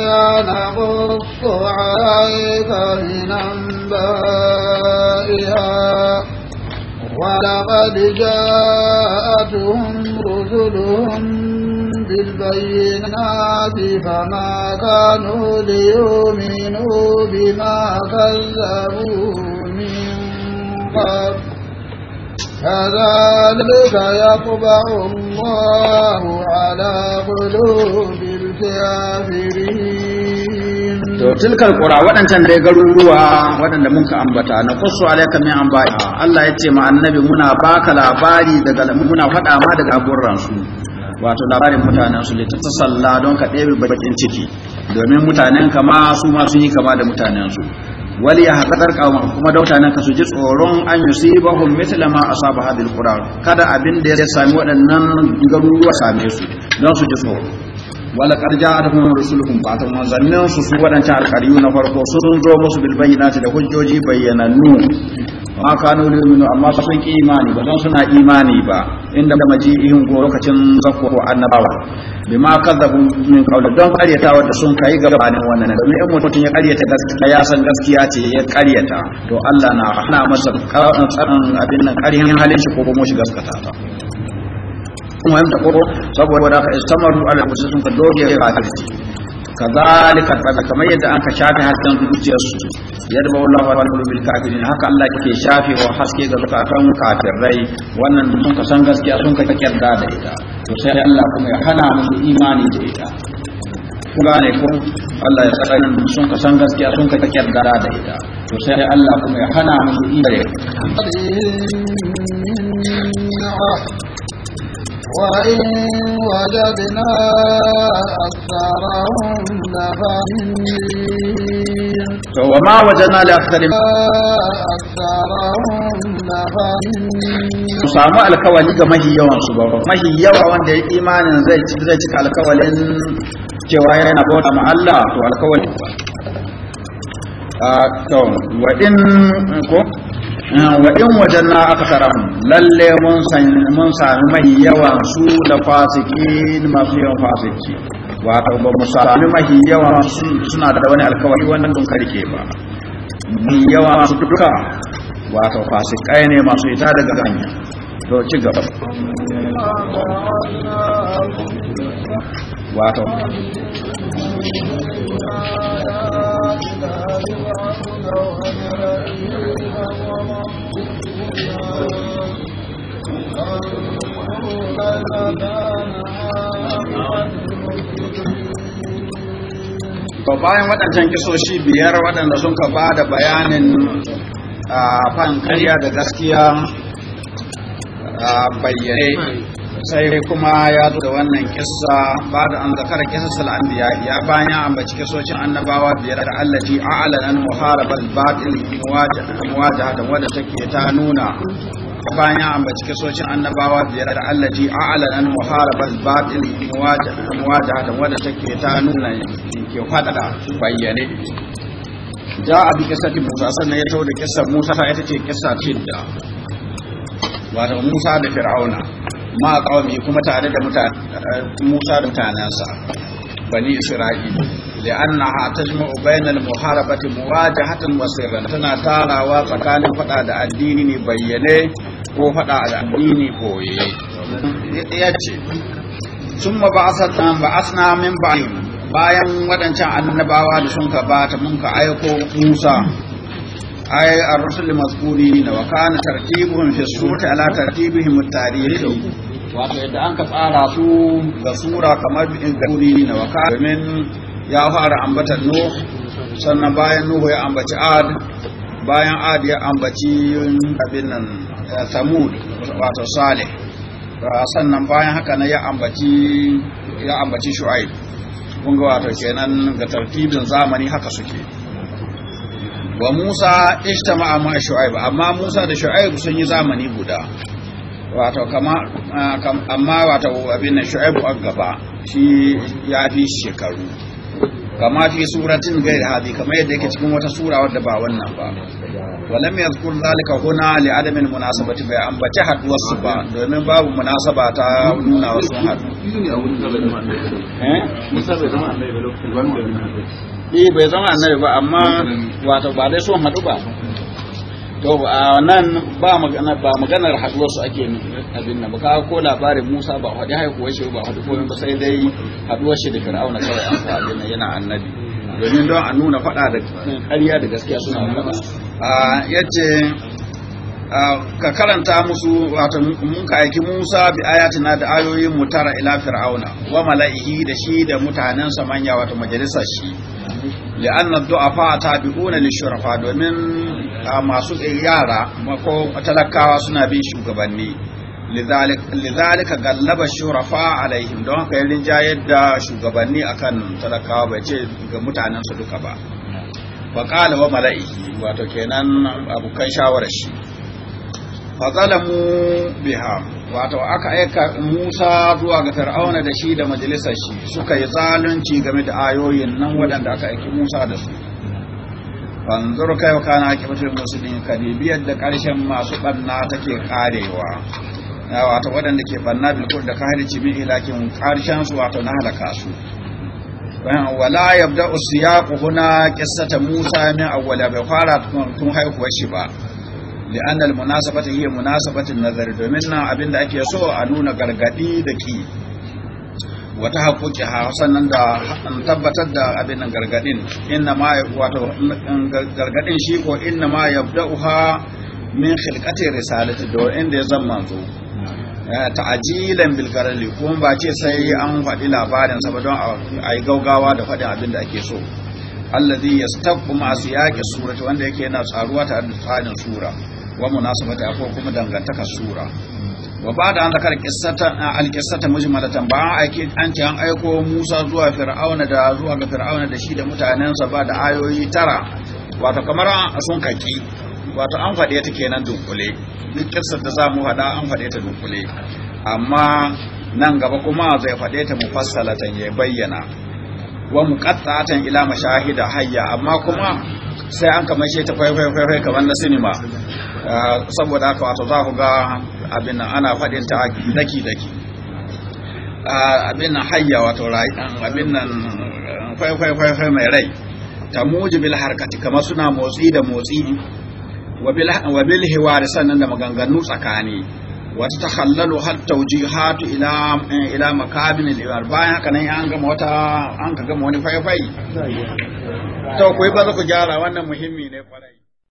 يعلم الصعيد من أنبائها ولقد جاءتهم رسلهم بالبينات فما كانوا ليؤمنوا بما كذبوا من قبل كذلك يطبع الله على قلوب الكافرين to tilkar qura waɗancan dai garuruwa waɗanda muka ambata na qussu alayka min anba'i Allah yace ma annabi muna baka labari daga muna faɗa ma daga aburran wato labarin mutanen su ta salla don ka ɗebe bakin ciki domin mutanen kama su ma sun yi kama da mutanen su wali ya haƙatar kawon kuma dauta nan ka su ji tsoron an yi su yi bahun mitila ma a saba hadin kada abin da ya sami waɗannan garuruwa same su don su ji tsoro wala ƙarja a dafin rusuluhun fatan manzannin su su waɗancan alkariyu na farko sun zo musu bilbayyana da hujjoji bayyanannu ma kanu yu'minu amma ba sun imani ba don suna imani ba inda ihin go lokacin zakko ko annabawa ma kadzabu min qawli don karyata da sun kai gabanin wannan domin in mutum ya karyata gaskiya ya san gaskiya ce ya karyata to Allah na hana masa tsaron abin nan karhin halin shi ko kuma shi gaskata ta kuma yanda ko saboda haka istamaru ala musulmin ka doge ya kafirci kazalika ba kamar yadda aka shafe hasken zuciyarsu yadda ba wallahu wal qulubil kafirin haka Allah yake shafe wa haske ga zakatan kafirai wannan mun ka san gaskiya sun ka kyarda da ita to sai Allah kuma ya hana mu imani da ita kulane ku Allah ya tsara mun sun ka san gaskiya sun ka kyarda da ita to sai Allah kuma ya hana mu imani da ita وإن وجدنا أكثرهم لفاهمين وما وجدنا لأكثرهم su samu alkawali ga mahi yawan su ba mahi yawa wanda ya imanin zai zai cika alkawalin cewa yana bauta ma Allah to alkawali ba a ah, wa in ko wa in wajen na aka mun lalle mun sami mai yawan su da fasiki masu yawan fasiki wato ba mu sami mai yawan su suna da wani alkawari wannan sun karke ba mai yawan su duka wato fasikai ne masu ita daga hanya to ci gaba wato to bayan waɗancan kisoshi biyar waɗanda sun ka ba da bayanin a ah, kan karya da gaskiya a bayyane sai kuma ya zo da wannan kissa ba da an zakara kisar anbiya ya bayan ambaci kisocin annabawa biyar da allati a'lanan muharabar batil muwajaha da wadda take ta nuna bayan ambaci kisocin annabawa biyar da allati a'lanan muharabar batil muwajaha da wadda take ta nuna ke fadada bayyane ja a bi ta Musa sannan ya zo da kisa Musa ita ce kisa ce da wato Musa da Fir'auna ma qaumi kuma tare da mutane Musa da mutanansa bani Isra'ila tajma تجمع بين المحاربة مواجهة وسرا tana tarawa tsakanin fada da addini ne bayyane ko fada da addini boye yace summa ma ba ba'asna min ba'in bayan wadancan annabawa da sun ka bata mun ka aiko Musa ay ar-rusul mazkurina wa kana tartibuhum fi surati ala tartibihim at-tarihi wato yadda an ka tsara su ga sura kamar in gurina wa kana domin ya fara ambata nuh sannan bayan nuhu ya ambaci ad bayan ad ya ambaci abin nan samud wato salih sannan bayan haka na ya ambaci ya ambaci shu'aib kun ga wato kenan ga tartibin zamani haka suke wa Musa ishtama'a ma Shu'aib amma Musa da Shu'aib sun yi zamani guda wato kama ah, amma wato abin Shu'aib a gaba shi ya fi shekaru kama fi suratin gair hadi kama yadda yake cikin wata sura wadda ba wannan ba walam yadhkur zalika huna li adami munasabati bai ambaci haduwar su ba domin babu munasaba ta nuna wasu hadu eh? eh bai zama annabi ba amma wato ba dai son hadu ba to nan ba magana ba maganar haɗuwar su ake abin nan baka ko labarin Musa ba hadi haihuwar shi ba hadi ko ba sai dai haɗuwar shi da Fir'auna kawai an sa abin yana annabi domin don a nuna fada da ƙarya da gaskiya suna nuna a yace ka karanta musu wato mun ka aiki Musa bi ayatina da ayoyin mu tara ila fir'auna wa mala'ihi da shi da mutanen sa manya wato majalisar shi li'anna du'afa tabi'una shurafa domin masu eh, yara ko talakawa suna bin shugabanni lidhalika gallaba shurafa alaihim don haka yin jayar da shugabanni akan talakawa bai ce ga mutanen su duka ba wa qala wa mala'ihi wato kenan abokan shawarar shi fazalamu biha wato aka aika Musa zuwa ga Fir'auna da shi da majalisar shi suka yi zalunci game da ayoyin nan waɗanda aka aiki Musa da su fanzur kai wa kana musulmi musulmin kadibiyar da ƙarshen masu banna take karewa wato waɗanda ke banna bilkul da ka kahirci min ilakin ƙarshen su wato na halaka su wala yabda usiyaqu huna qissata Musa min awwala bai fara tun haihuwar shi ba لأن المناسبة هي مناسبة ake so a nuna gargadi da ki. Wata hakuki, وتحققها sannan da tabbatar da abin nan gargadin inna ma wato gargadin shi ko inna ma yabda'uha min khilqati risalati do inda ya zama zo ta'ajilan bil garali kuma ba ce sai an faɗi labarin sa ba don a yi gaugawa da faɗin abin da ake so allazi yastaqu ma siyaqi surati wanda yake yana tsaruwa tare da tsarin sura wa munasabata ko kuma dangantaka sura wa ba da an al kissata mujmalatan ba an aiki an ce an aiko musa zuwa fir'auna da zuwa ga fir'auna da shi da mutanensa ba da ayoyi tara wato kamar sun kaki wato an faɗe ta kenan dunkule duk kissar da za mu faɗa an faɗe ta dunkule amma nan gaba kuma zai faɗe ta mufassalatan ya bayyana wa muqatta'atan ila mashahida hayya amma kuma sai an kamar shi ta faifai kamar na sinima Eh, saboda haka wato za ku ga abin nan ana faɗin ta daki daki eh, abin nan hayya wato abin nan kwaikwaikwaikwai mai rai ta muji bil harkati kamar suna motsi da motsi wa bil hiwari sannan da maganganu tsakani wata ta hallalu har Tauji ila ila makabin al bayan haka nan an gama wata an ka gama wani kwaikwai to ku ba za ku gyara wannan muhimmi ne kwarai